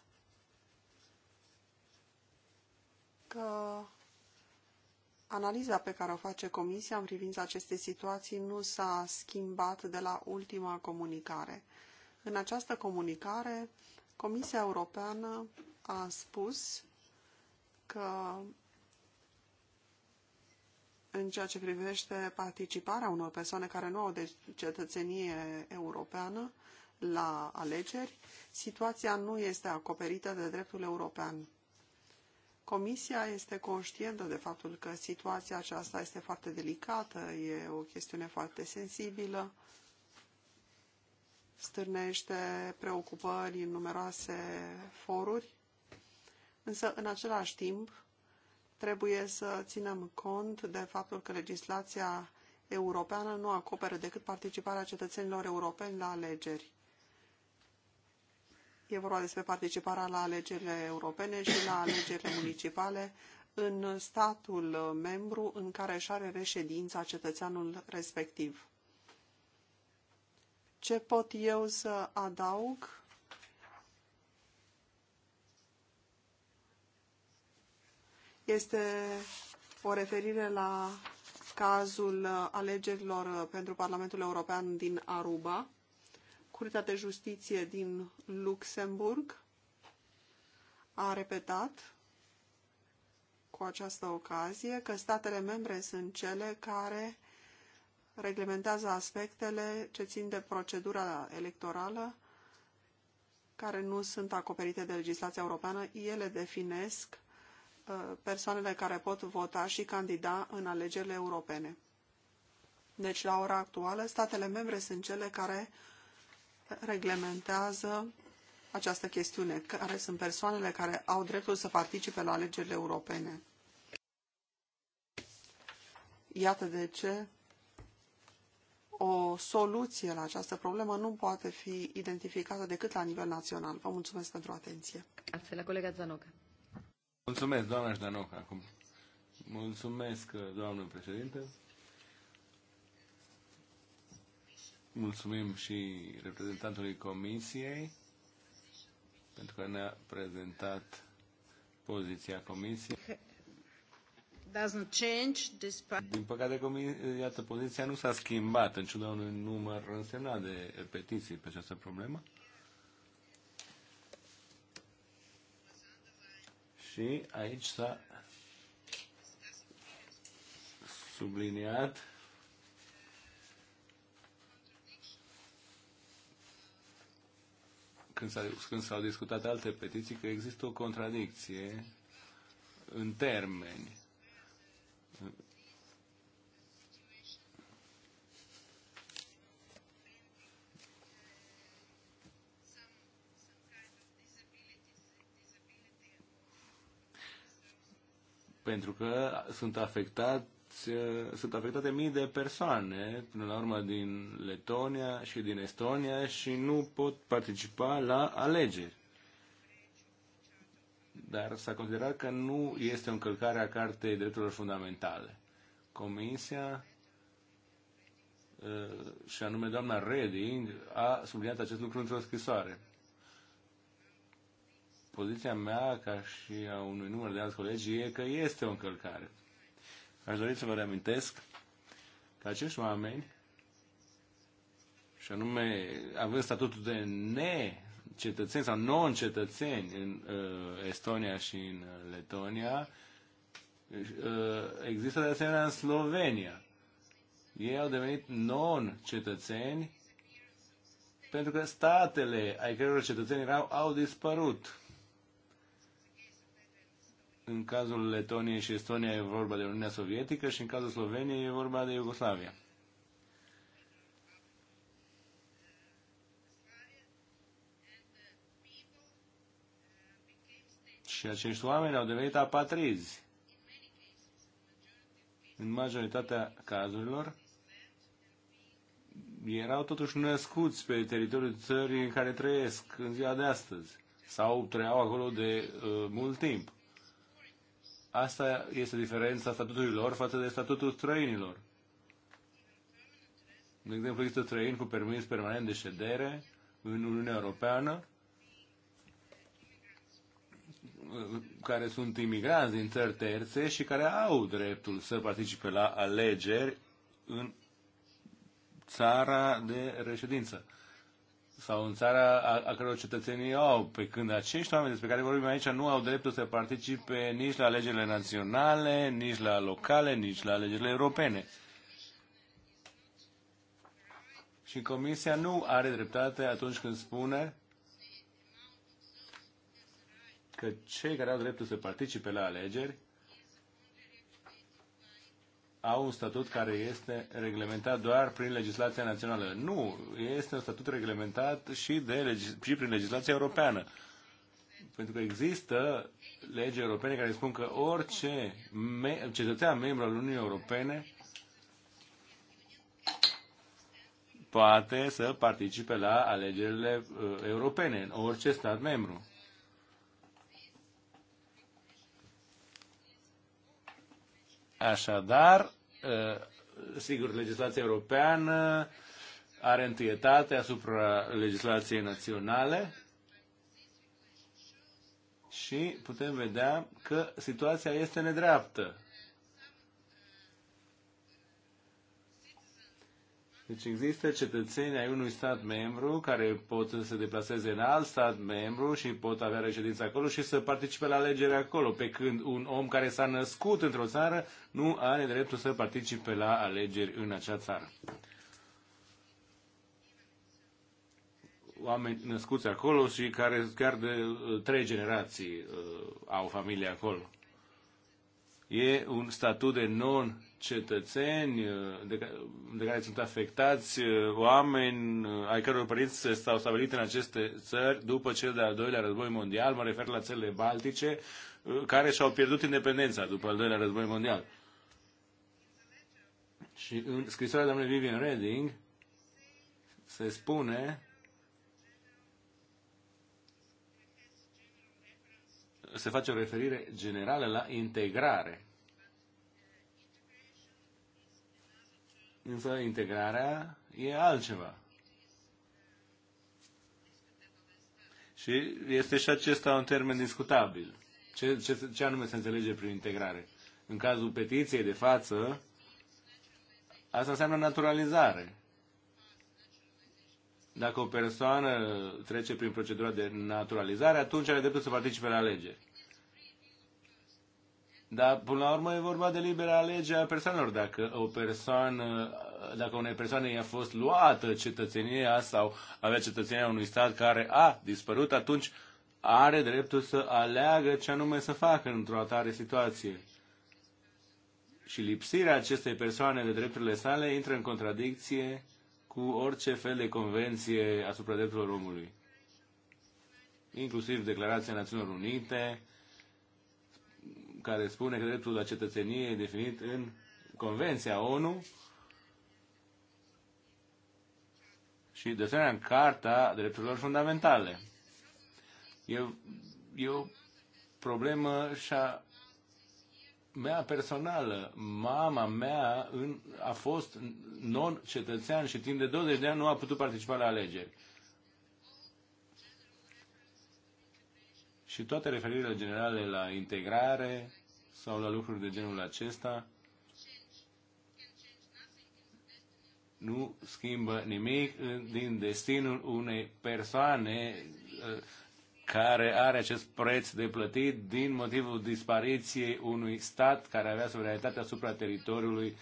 că Analiza pe care o face Comisia în privința acestei situații nu s-a schimbat de la ultima comunicare. În această comunicare, Comisia Europeană a spus că în ceea ce privește participarea unor persoane care nu au de cetățenie europeană la alegeri, situația nu este acoperită de dreptul european. Comisia este conștientă de faptul că situația aceasta este foarte delicată, e o chestiune foarte sensibilă, stârnește preocupări în numeroase foruri, însă în același timp trebuie să ținem cont de faptul că legislația europeană nu acoperă decât participarea cetățenilor europeni la alegeri. E vorba despre participarea la alegerile europene și la alegerile municipale în statul membru în care își are reședința cetățeanul respectiv. Ce pot eu să adaug? Este o referire la cazul alegerilor pentru Parlamentul European din Aruba. Curtea de Justiție din Luxemburg a repetat cu această ocazie că statele membre sunt cele care reglementează aspectele ce țin de procedura electorală care nu sunt acoperite de legislația europeană. Ele definesc uh, persoanele care pot vota și candida în alegerile europene. Deci, la ora actuală, statele membre sunt cele care reglementează această chestiune, care sunt persoanele care au dreptul să participe la alegerile europene. Iată de ce o soluție la această problemă nu poate fi identificată decât la nivel național. Vă mulțumesc pentru atenție. Astfel, colega Zanoca. Mulțumesc, doamna Zdanoca. Mulțumesc, doamnă președinte. Mulțumim și reprezentantului Comisiei pentru că ne-a prezentat poziția Comisiei. Din păcate, iată, poziția nu s-a schimbat în ciuda unui număr însemnat de petiții pe această problemă. Și aici s-a subliniat când s-au discutat alte petiții, că există o contradicție în termeni. pentru că sunt afectat Uh, sunt afectate mii de persoane, până la urmă din Letonia și din Estonia, și nu pot participa la alegeri. Dar s-a considerat că nu este o încălcare a Cartei Drepturilor Fundamentale. Comisia uh, și anume doamna Reding a subliniat acest lucru într-o scrisoare. Poziția mea, ca și a unui număr de alți colegi, e că este o încălcare. Aș dori să vă reamintesc că acești oameni, și anume având statutul de ne-cetățeni sau non-cetățeni în uh, Estonia și în uh, Letonia, uh, există de asemenea în Slovenia. Ei au devenit non-cetățeni pentru că statele ai căror cetățeni erau, au dispărut. În cazul Letoniei și Estonia e vorba de Uniunea Sovietică și în cazul Sloveniei e vorba de Iugoslavia. Și acești oameni au devenit apatrizi. În majoritatea cazurilor, erau totuși născuți pe teritoriul țării în care trăiesc în ziua de astăzi sau trăiau acolo de uh, mult timp. Asta este diferența statutului lor față de statutul străinilor. De exemplu, există străini cu permis permanent de ședere în Uniunea Europeană care sunt imigranți din țări terțe și care au dreptul să participe la alegeri în țara de reședință sau în țara a, a căror cetățenii au, pe când acești oameni despre care vorbim aici nu au dreptul să participe nici la alegerile naționale, nici la locale, nici la alegerile europene. Și Comisia nu are dreptate atunci când spune că cei care au dreptul să participe la alegeri au un statut care este reglementat doar prin legislația națională. Nu, este un statut reglementat și, de, și prin legislația europeană. Pentru că există legi europene care spun că orice me- cetățean membru al Uniunii Europene poate să participe la alegerile uh, europene în orice stat membru. Așadar, Uh, sigur, legislația europeană are întâietate asupra legislației naționale și putem vedea că situația este nedreaptă. Deci există cetățeni ai unui stat membru care pot să se deplaseze în alt stat membru și pot avea reședință acolo și să participe la alegeri acolo, pe când un om care s-a născut într-o țară nu are dreptul să participe la alegeri în acea țară. Oameni născuți acolo și care chiar de uh, trei generații uh, au familie acolo. E un statut de non cetățeni uh, de, care, de care sunt afectați, uh, oameni uh, ai căror părinți s-au stabilit în aceste țări după cel de-al doilea război mondial, mă refer la țările baltice, care și-au pierdut independența după al doilea război mondial. Și în scrisoarea doamnei Vivian Redding se spune se face o referire generală la integrare Însă integrarea e altceva. Și este și acesta un termen discutabil. Ce, ce, ce anume se înțelege prin integrare? În cazul petiției de față, asta înseamnă naturalizare. Dacă o persoană trece prin procedura de naturalizare, atunci are dreptul să participe la alegeri. Dar, până la urmă, e vorba de libera alegere a persoanelor. Dacă o persoană, dacă unei persoane i-a fost luată cetățenia sau avea cetățenia unui stat care a dispărut, atunci are dreptul să aleagă ce anume să facă într-o atare situație. Și lipsirea acestei persoane de drepturile sale intră în contradicție cu orice fel de convenție asupra drepturilor omului. Inclusiv Declarația Națiunilor Unite, care spune că dreptul la cetățenie e definit în Convenția ONU și de asemenea în Carta Drepturilor Fundamentale. E, e o problemă și a mea personală. Mama mea în, a fost non-cetățean și timp de 20 de ani nu a putut participa la alegeri. Și toate referirile generale la integrare sau la lucruri de genul acesta nu schimbă nimic din destinul unei persoane uh, care are acest preț de plătit din motivul dispariției unui stat care avea suveranitate asupra teritoriului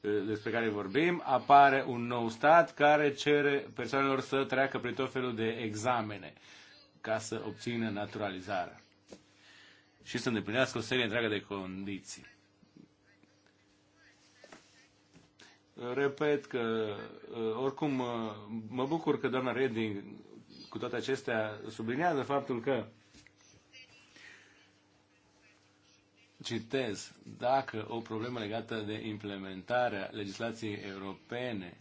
uh, despre care vorbim, apare un nou stat care cere persoanelor să treacă prin tot felul de examene ca să obțină naturalizarea și să îndeplinească o serie întreagă de condiții. Repet că, uh, oricum, uh, mă bucur că doamna Redding, cu toate acestea, sublinează faptul că citez, dacă o problemă legată de implementarea legislației europene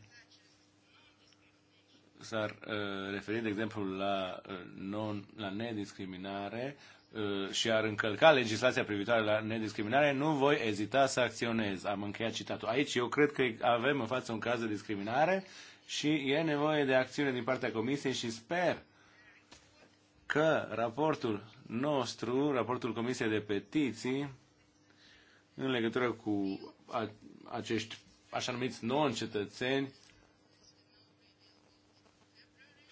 s-ar uh, referi, de exemplu, la, uh, non, la nediscriminare uh, și ar încălca legislația privitoare la nediscriminare, nu voi ezita să acționez. Am încheiat citatul. Aici eu cred că avem în față un caz de discriminare și e nevoie de acțiune din partea Comisiei și sper că raportul nostru, raportul Comisiei de Petiții, în legătură cu acești așa numiți non-cetățeni,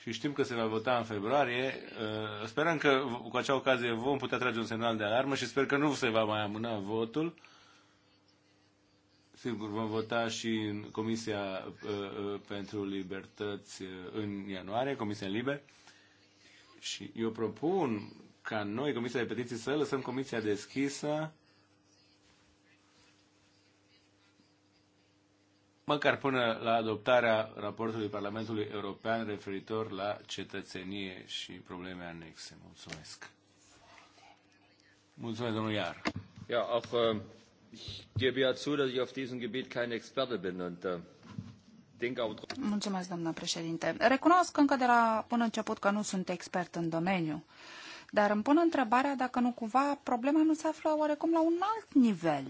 și știm că se va vota în februarie. Uh, sperăm că cu acea ocazie vom putea trage un semnal de alarmă și sper că nu se va mai amâna votul. Sigur, vom vota și în Comisia uh, uh, pentru Libertăți în ianuarie, Comisia Liber. Și eu propun ca noi, Comisia de Petiții, să lăsăm Comisia deschisă măcar până la adoptarea raportului Parlamentului European referitor la cetățenie și probleme anexe. Mulțumesc. Mulțumesc, domnul Iar. Ja, auch äh, ich gebe ja zu, dass ich auf diesem Gebiet kein Experte bin und äh, Mulțumesc, doamnă președinte. Recunosc încă de la bun început că nu sunt expert în domeniu, dar îmi pun întrebarea dacă nu cumva problema nu se află oarecum la un alt nivel.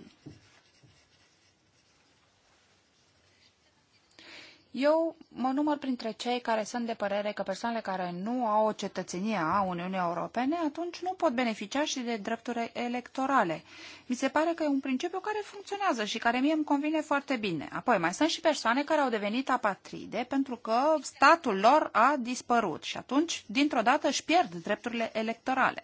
Eu mă număr printre cei care sunt de părere că persoanele care nu au o cetățenie a Uniunii Europene atunci nu pot beneficia și de drepturi electorale. Mi se pare că e un principiu care funcționează și care mie îmi convine foarte bine. Apoi mai sunt și persoane care au devenit apatride pentru că statul lor a dispărut și atunci dintr-o dată își pierd drepturile electorale.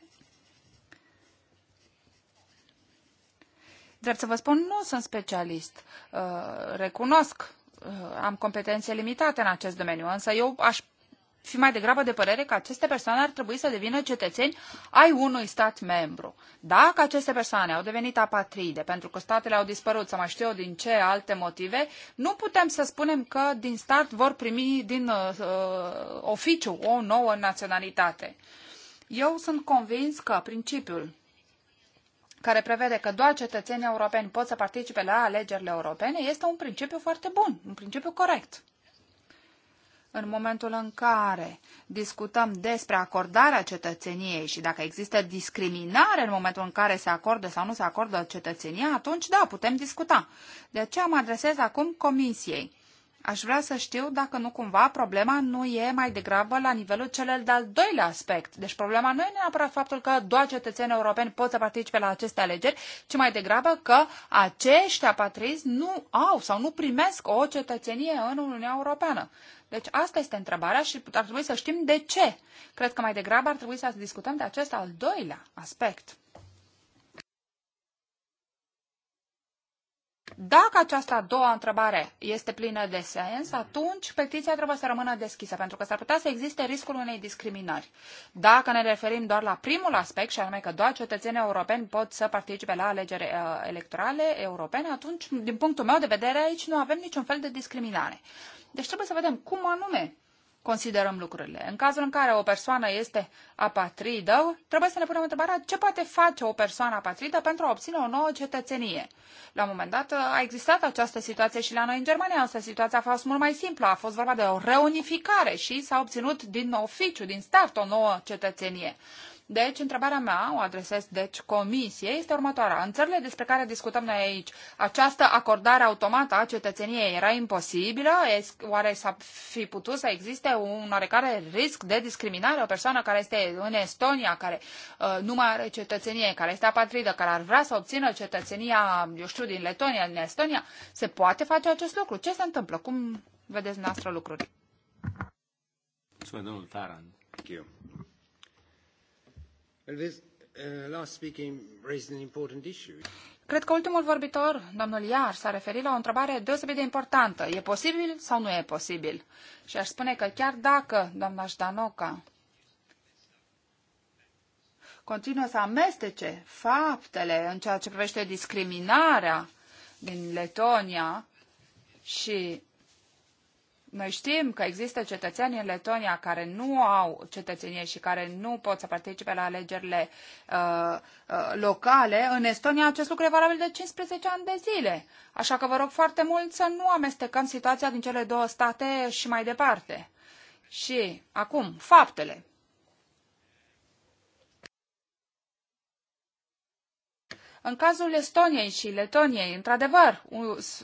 Drept să vă spun, nu sunt specialist. Uh, recunosc Uh, am competențe limitate în acest domeniu, însă eu aș fi mai degrabă de părere că aceste persoane ar trebui să devină cetățeni ai unui stat membru. Dacă aceste persoane au devenit apatride pentru că statele au dispărut, să mai știu eu din ce alte motive, nu putem să spunem că din start vor primi din uh, uh oficiu o nouă naționalitate. Eu sunt convins că principiul care prevede că doar cetățenii europeni pot să participe la alegerile europene, este un principiu foarte bun, un principiu corect. În momentul în care discutăm despre acordarea cetățeniei și dacă există discriminare în momentul în care se acordă sau nu se acordă cetățenia, atunci da, putem discuta. De aceea mă adresez acum Comisiei aș vrea să știu dacă nu cumva problema nu e mai degrabă la nivelul celor de-al doilea aspect. Deci problema nu e neapărat faptul că doar cetățenii europeni pot să participe la aceste alegeri, ci mai degrabă că acești apatrizi nu au sau nu primesc o cetățenie în Uniunea Europeană. Deci asta este întrebarea și ar trebui să știm de ce. Cred că mai degrabă ar trebui să discutăm de acest al doilea aspect. Dacă această a doua întrebare este plină de sens, atunci petiția trebuie să rămână deschisă, pentru că s-ar putea să existe riscul unei discriminări. Dacă ne referim doar la primul aspect, și anume că doar cetățenii europeni pot să participe la alegeri uh, electorale europene, atunci, din punctul meu de vedere, aici nu avem niciun fel de discriminare. Deci trebuie să vedem cum anume considerăm lucrurile. În cazul în care o persoană este apatridă, trebuie să ne punem întrebarea ce poate face o persoană apatridă pentru a obține o nouă cetățenie. La un moment dat a existat această situație și la noi în Germania, însă situația a fost mult mai simplă. A fost vorba de o reunificare și s-a obținut din oficiu, din start, o nouă cetățenie. Deci, întrebarea mea, o adresez deci comisiei, este următoarea. În țările despre care discutăm noi aici, această acordare automată a cetățeniei era imposibilă? Oare s-a fi putut să existe un oarecare risc de discriminare? O persoană care este în Estonia, care uh, nu mai are cetățenie, care este apatridă, care ar vrea să obțină cetățenia, eu știu, din Letonia, din Estonia, se poate face acest lucru? Ce se întâmplă? Cum vedeți noastră lucruri? Mulțumesc, domnul Taran. Thank you. Uh, Cred că ultimul vorbitor, domnul Iar, s-a referit la o întrebare deosebit de importantă. E posibil sau nu e posibil? Și aș spune că chiar dacă doamna Ștanoca continuă să amestece faptele în ceea ce privește discriminarea din Letonia și noi știm că există cetățeni în Letonia care nu au cetățenie și care nu pot să participe la alegerile uh, uh locale. În Estonia acest lucru e valabil de 15 ani de zile. Așa că vă rog foarte mult să nu amestecăm situația din cele două state și mai departe. Și acum, faptele. În cazul Estoniei și Letoniei, într-adevăr,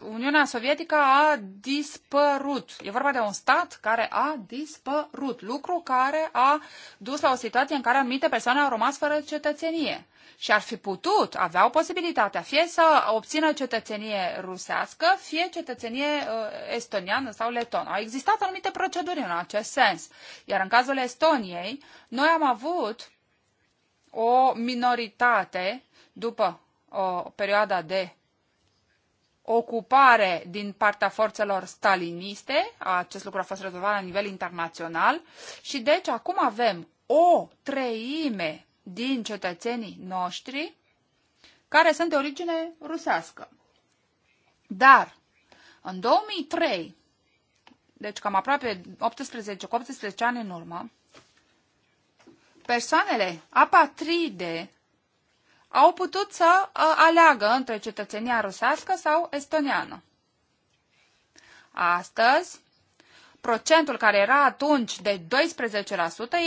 Uniunea Sovietică a dispărut. E vorba de un stat care a dispărut, lucru care a dus la o situație în care anumite persoane au rămas fără cetățenie. Și ar fi putut, aveau posibilitatea, fie să obțină cetățenie rusească, fie cetățenie uh, estoniană sau letonă. Au existat anumite proceduri în acest sens. Iar în cazul Estoniei, noi am avut o minoritate după o, perioada de ocupare din partea forțelor staliniste, acest lucru a fost rezolvat la nivel internațional și deci acum avem o treime din cetățenii noștri care sunt de origine rusească. Dar în 2003, deci cam aproape 18, 18 ani în urmă, persoanele apatride au putut să uh, aleagă între cetățenia rusească sau estoniană. Astăzi, procentul care era atunci de 12%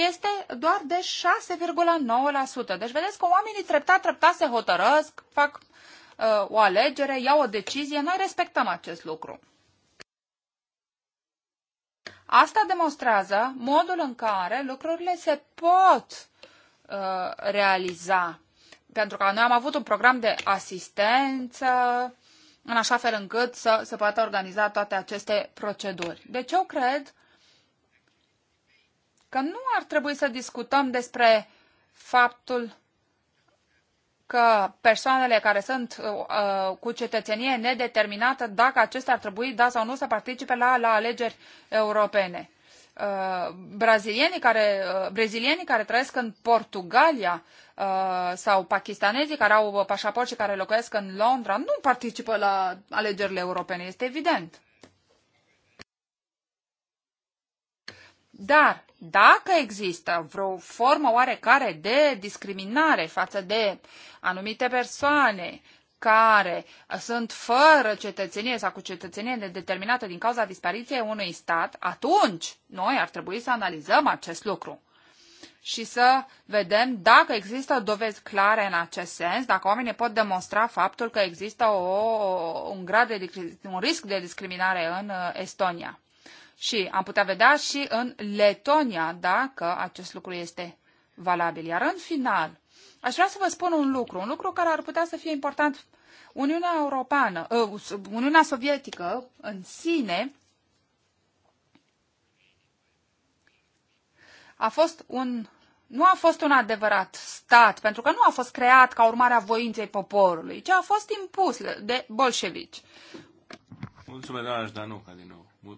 este doar de 6,9%. Deci vedeți că oamenii treptat, treptat se hotărăsc, fac uh, o alegere, iau o decizie. Noi respectăm acest lucru. Asta demonstrează modul în care lucrurile se pot uh, realiza pentru că noi am avut un program de asistență în așa fel încât să se poată organiza toate aceste proceduri. Deci eu cred că nu ar trebui să discutăm despre faptul că persoanele care sunt uh, uh cu cetățenie nedeterminată, dacă acestea ar trebui, da sau nu, să participe la, la alegeri europene. Uh, brazilienii care, uh, brazilienii care trăiesc în Portugalia uh, sau pakistanezii care au pașaport și care locuiesc în Londra nu participă la alegerile europene, este evident. Dar dacă există vreo formă oarecare de discriminare față de anumite persoane care sunt fără cetățenie sau cu cetățenie nedeterminată din cauza dispariției unui stat, atunci noi ar trebui să analizăm acest lucru și să vedem dacă există dovezi clare în acest sens, dacă oamenii pot demonstra faptul că există o, un, grad de, un risc de discriminare în uh, Estonia. Și am putea vedea și în Letonia dacă acest lucru este valabil. Iar în final, Aș vrea să vă spun un lucru, un lucru care ar putea să fie important. Uniunea Europeană, uh, Uniunea Sovietică în sine a fost un nu a fost un adevărat stat, pentru că nu a fost creat ca urmare a voinței poporului, ci a fost impus de bolșevici. Mulțumesc, doamna Danuca, din nou.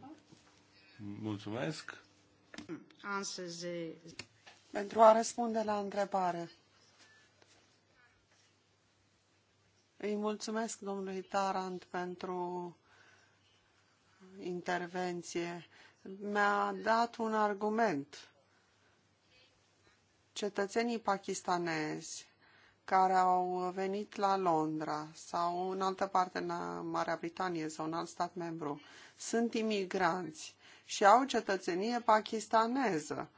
mulțumesc. Pentru a răspunde la întrebare. Îi mulțumesc domnului Tarant pentru intervenție. Mi-a dat un argument. Cetățenii pakistanezi care au venit la Londra sau în altă parte, în Marea Britanie sau în alt stat membru, sunt imigranți și au cetățenie pakistaneză.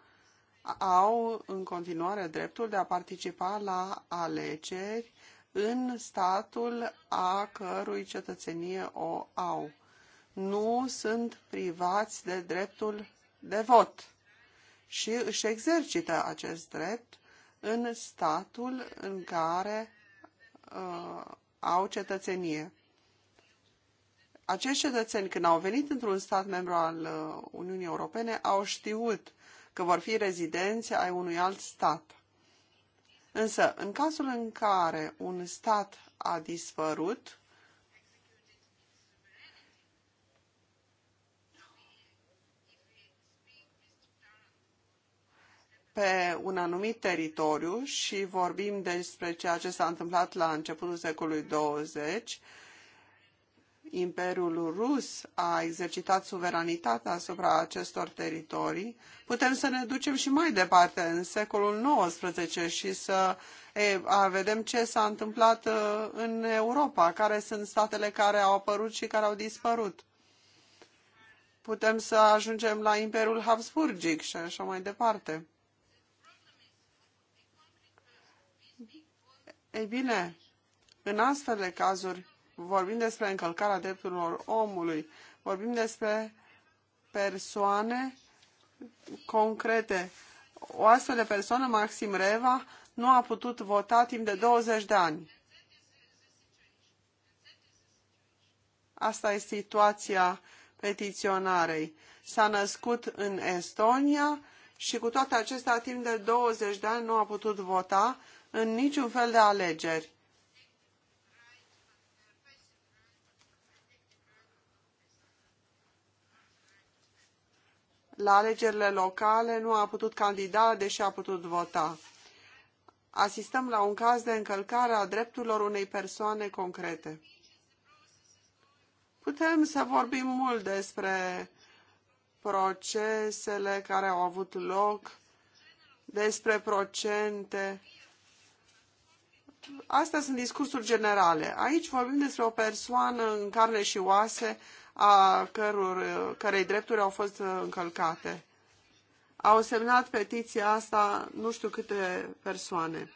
Au în continuare dreptul de a participa la alegeri, în statul a cărui cetățenie o au. Nu sunt privați de dreptul de vot și își exercită acest drept în statul în care uh, au cetățenie. Acești cetățeni, când au venit într-un stat membru al uh, Uniunii Europene, au știut că vor fi rezidenți ai unui alt stat. Însă, în cazul în care un stat a dispărut, pe un anumit teritoriu și vorbim despre ceea ce s-a întâmplat la începutul secolului 20, Imperiul Rus a exercitat suveranitatea asupra acestor teritorii, putem să ne ducem și mai departe, în secolul XIX, și să e, a, vedem ce s-a întâmplat în Europa, care sunt statele care au apărut și care au dispărut. Putem să ajungem la Imperiul Habsburgic și așa mai departe. Ei bine, în astfel de cazuri, vorbim despre încălcarea drepturilor omului, vorbim despre persoane concrete. O astfel de persoană, Maxim Reva, nu a putut vota timp de 20 de ani. Asta e situația petiționarei. S-a născut în Estonia și cu toate acestea, timp de 20 de ani nu a putut vota în niciun fel de alegeri. la alegerile locale nu a putut candida, deși a putut vota. Asistăm la un caz de încălcare a drepturilor unei persoane concrete. Putem să vorbim mult despre procesele care au avut loc, despre procente. Astea sunt discursuri generale. Aici vorbim despre o persoană în carne și oase a căror, uh, cărei drepturi au fost uh, încălcate. Au semnat petiția asta nu știu câte persoane.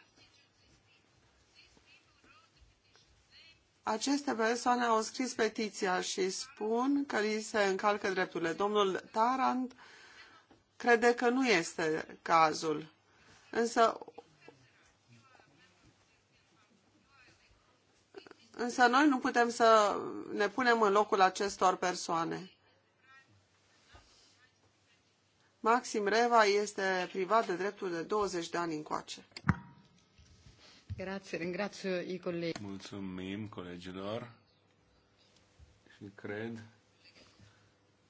Aceste persoane au scris petiția și spun că li se încalcă drepturile. Domnul Tarant crede că nu este cazul. Însă Însă noi nu putem să ne punem în locul acestor persoane. Maxim Reva este privat de dreptul de 20 de ani încoace. Grazie, ringrazio i colleghi. Mulțumim colegilor și cred.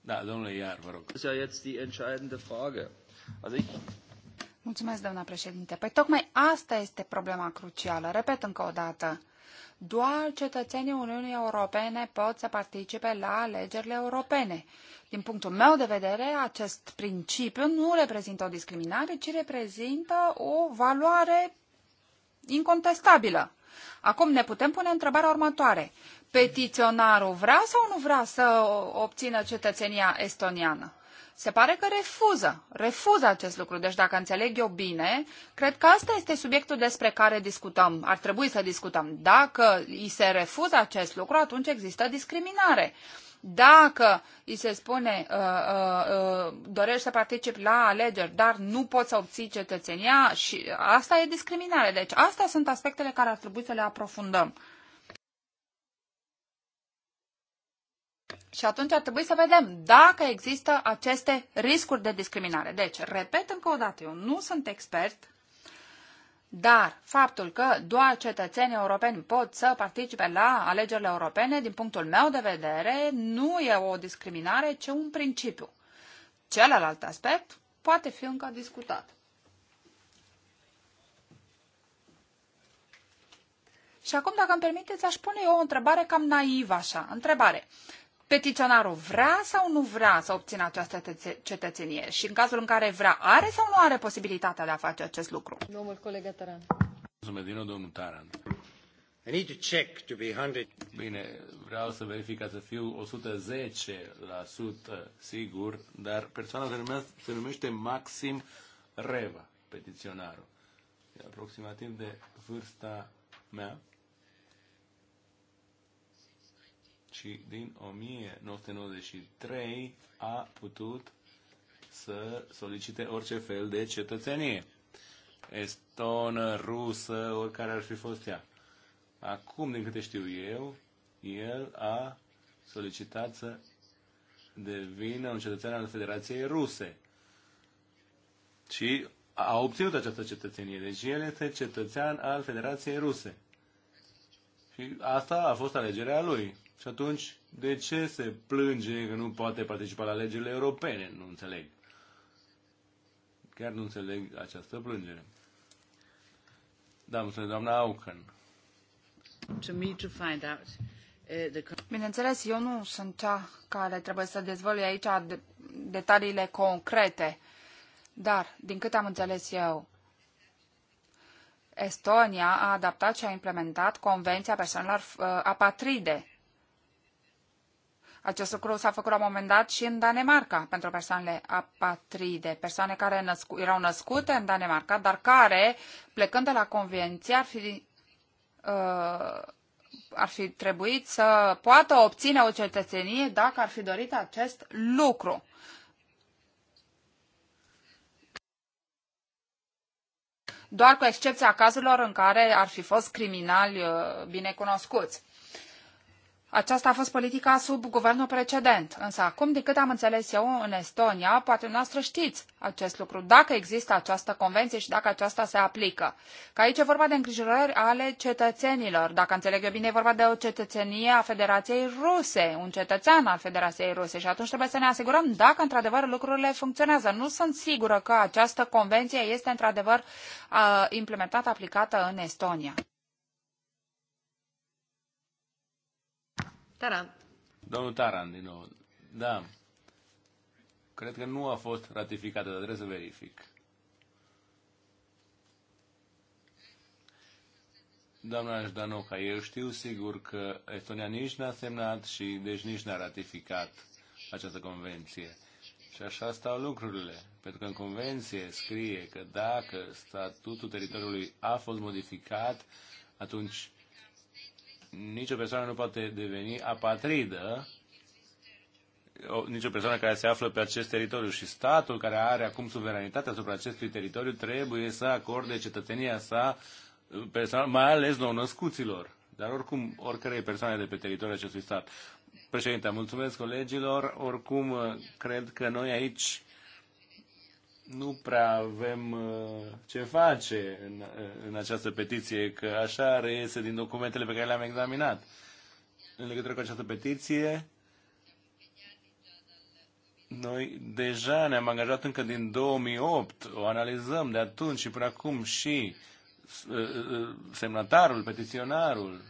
Da, domnule Iar, vă rog. Este jetzt die entscheidende Frage. Also ich... Mulțumesc, doamna președinte. Păi tocmai asta este problema crucială. Repet încă o dată doar cetățenii Uniunii Europene pot să participe la alegerile europene. Din punctul meu de vedere, acest principiu nu reprezintă o discriminare, ci reprezintă o valoare incontestabilă. Acum ne putem pune întrebarea următoare. Petiționarul vrea sau nu vrea să obțină cetățenia estoniană? se pare că refuză, refuză acest lucru. Deci dacă înțeleg eu bine, cred că asta este subiectul despre care discutăm, ar trebui să discutăm. Dacă îi se refuză acest lucru, atunci există discriminare. Dacă îi se spune uh, uh, uh, dorești să participi la alegeri, dar nu poți să obții cetățenia, și asta e discriminare. Deci astea sunt aspectele care ar trebui să le aprofundăm. Și atunci ar trebui să vedem dacă există aceste riscuri de discriminare. Deci, repet încă o dată, eu nu sunt expert, dar faptul că doar cetățenii europeni pot să participe la alegerile europene, din punctul meu de vedere, nu e o discriminare, ci un principiu. Celălalt aspect poate fi încă discutat. Și acum, dacă îmi permiteți, aș pune eu o întrebare cam naivă așa. Întrebare petiționarul vrea sau nu vrea să obțină această cetățenie și în cazul în care vrea, are sau nu are posibilitatea de a face acest lucru? Domnul colegă Taran. Mulțumesc, din nou, domnul Taran. I need to check to be 100. Bine, vreau să verific ca să fiu 110% sigur, dar persoana se numește, se numește Maxim Reva, petiționarul. E aproximativ de vârsta mea. și din 1993 a putut să solicite orice fel de cetățenie. Estonă, rusă, oricare ar fi fost ea. Acum, din câte știu eu, el a solicitat să devină un cetățean al Federației Ruse. Și a obținut această cetățenie. Deci el este cetățean al Federației Ruse. Și asta a fost alegerea lui. Și atunci, de ce se plânge că nu poate participa la legile europene? Nu înțeleg. Chiar nu înțeleg această plângere. Da, mulțumesc, doamna Auken. To me to find out. Uh, Bineînțeles, eu nu sunt cea care trebuie să dezvălui aici detaliile concrete, dar, din câte am înțeles eu, Estonia a adaptat și a implementat Convenția Persoanelor uh, Apatride acest lucru s-a făcut la un moment dat și în Danemarca pentru persoanele apatride, persoane care născu- erau născute în Danemarca, dar care, plecând de la convenție, ar fi, uh, ar fi trebuit să poată obține o cetățenie dacă ar fi dorit acest lucru. Doar cu excepția cazurilor în care ar fi fost criminali uh, binecunoscuți. Aceasta a fost politica sub guvernul precedent, însă acum, de cât am înțeles eu, în Estonia, poate noastră știți acest lucru, dacă există această convenție și dacă aceasta se aplică. Că aici e vorba de îngrijorări ale cetățenilor. Dacă înțeleg eu bine, e vorba de o cetățenie a Federației Ruse, un cetățean al Federației Ruse și atunci trebuie să ne asigurăm dacă într-adevăr lucrurile funcționează. Nu sunt sigură că această convenție este într-adevăr implementată, aplicată în Estonia. Tarant. Domnul Tarant, din nou. Da. Cred că nu a fost ratificată, dar trebuie să verific. Doamna Ždanoca, eu știu sigur că Estonia nici n-a semnat și deci nici n-a ratificat această convenție. Și așa stau lucrurile, pentru că în convenție scrie că dacă statutul teritoriului a fost modificat, atunci nicio persoană nu poate deveni apatridă, nicio persoană care se află pe acest teritoriu și statul care are acum suveranitatea asupra acestui teritoriu trebuie să acorde cetățenia sa personal, mai ales nou-născuților, dar oricum oricărei persoane de pe teritoriul acestui stat. Președinte, mulțumesc colegilor. Oricum, cred că noi aici nu prea avem uh, ce face în, uh, în această petiție, că așa reiese din documentele pe care le-am examinat. În legătură cu această petiție, noi deja ne-am angajat încă din 2008, o analizăm de atunci și până acum și uh, semnatarul, petiționarul,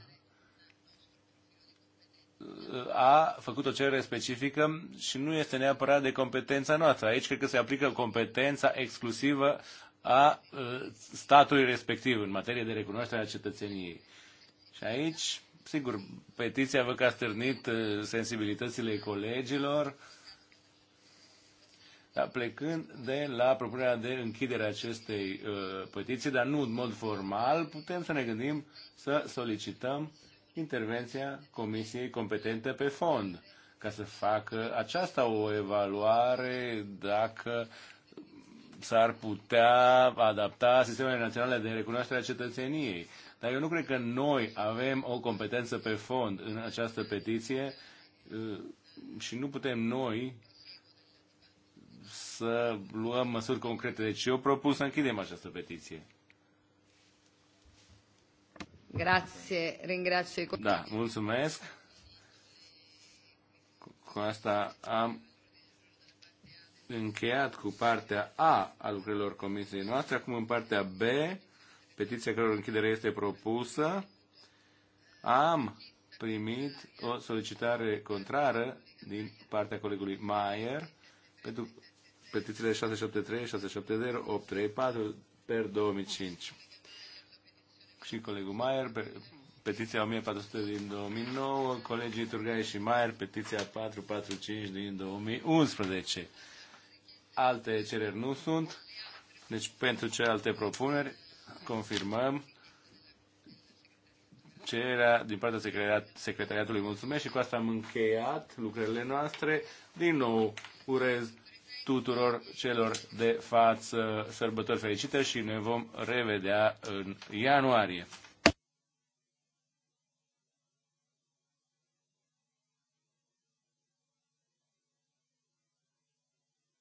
a făcut o cerere specifică și nu este neapărat de competența noastră. Aici cred că se aplică competența exclusivă a uh, statului respectiv în materie de recunoaștere a cetățeniei. Și aici, sigur, petiția vă că a stârnit uh, sensibilitățile colegilor, dar plecând de la propunerea de închidere a acestei uh, petiții, dar nu în mod formal, putem să ne gândim să solicităm intervenția comisiei competente pe fond, ca să facă aceasta o evaluare dacă s-ar putea adapta sistemele naționale de recunoaștere a cetățeniei. Dar eu nu cred că noi avem o competență pe fond în această petiție uh, și nu putem noi să luăm măsuri concrete. Deci eu propun să închidem această petiție. Grazie, ringrazio i Da, mulțumesc. Cu asta am încheiat cu partea A a lucrărilor comisiei noastre. Acum în partea B, petiția căror închidere este propusă, am primit o solicitare contrară din partea colegului Maier pentru petițiile 673, 670, 834 per 2005 și colegul Maier, petiția 1400 din 2009, colegii Turgai și Maier, petiția 445 din 2011. Alte cereri nu sunt, deci pentru celelalte propuneri confirmăm cererea din partea secretariatului. Mulțumesc și cu asta am încheiat lucrările noastre. Din nou, urez tuturor celor de față sărbători fericite și ne vom revedea în ianuarie.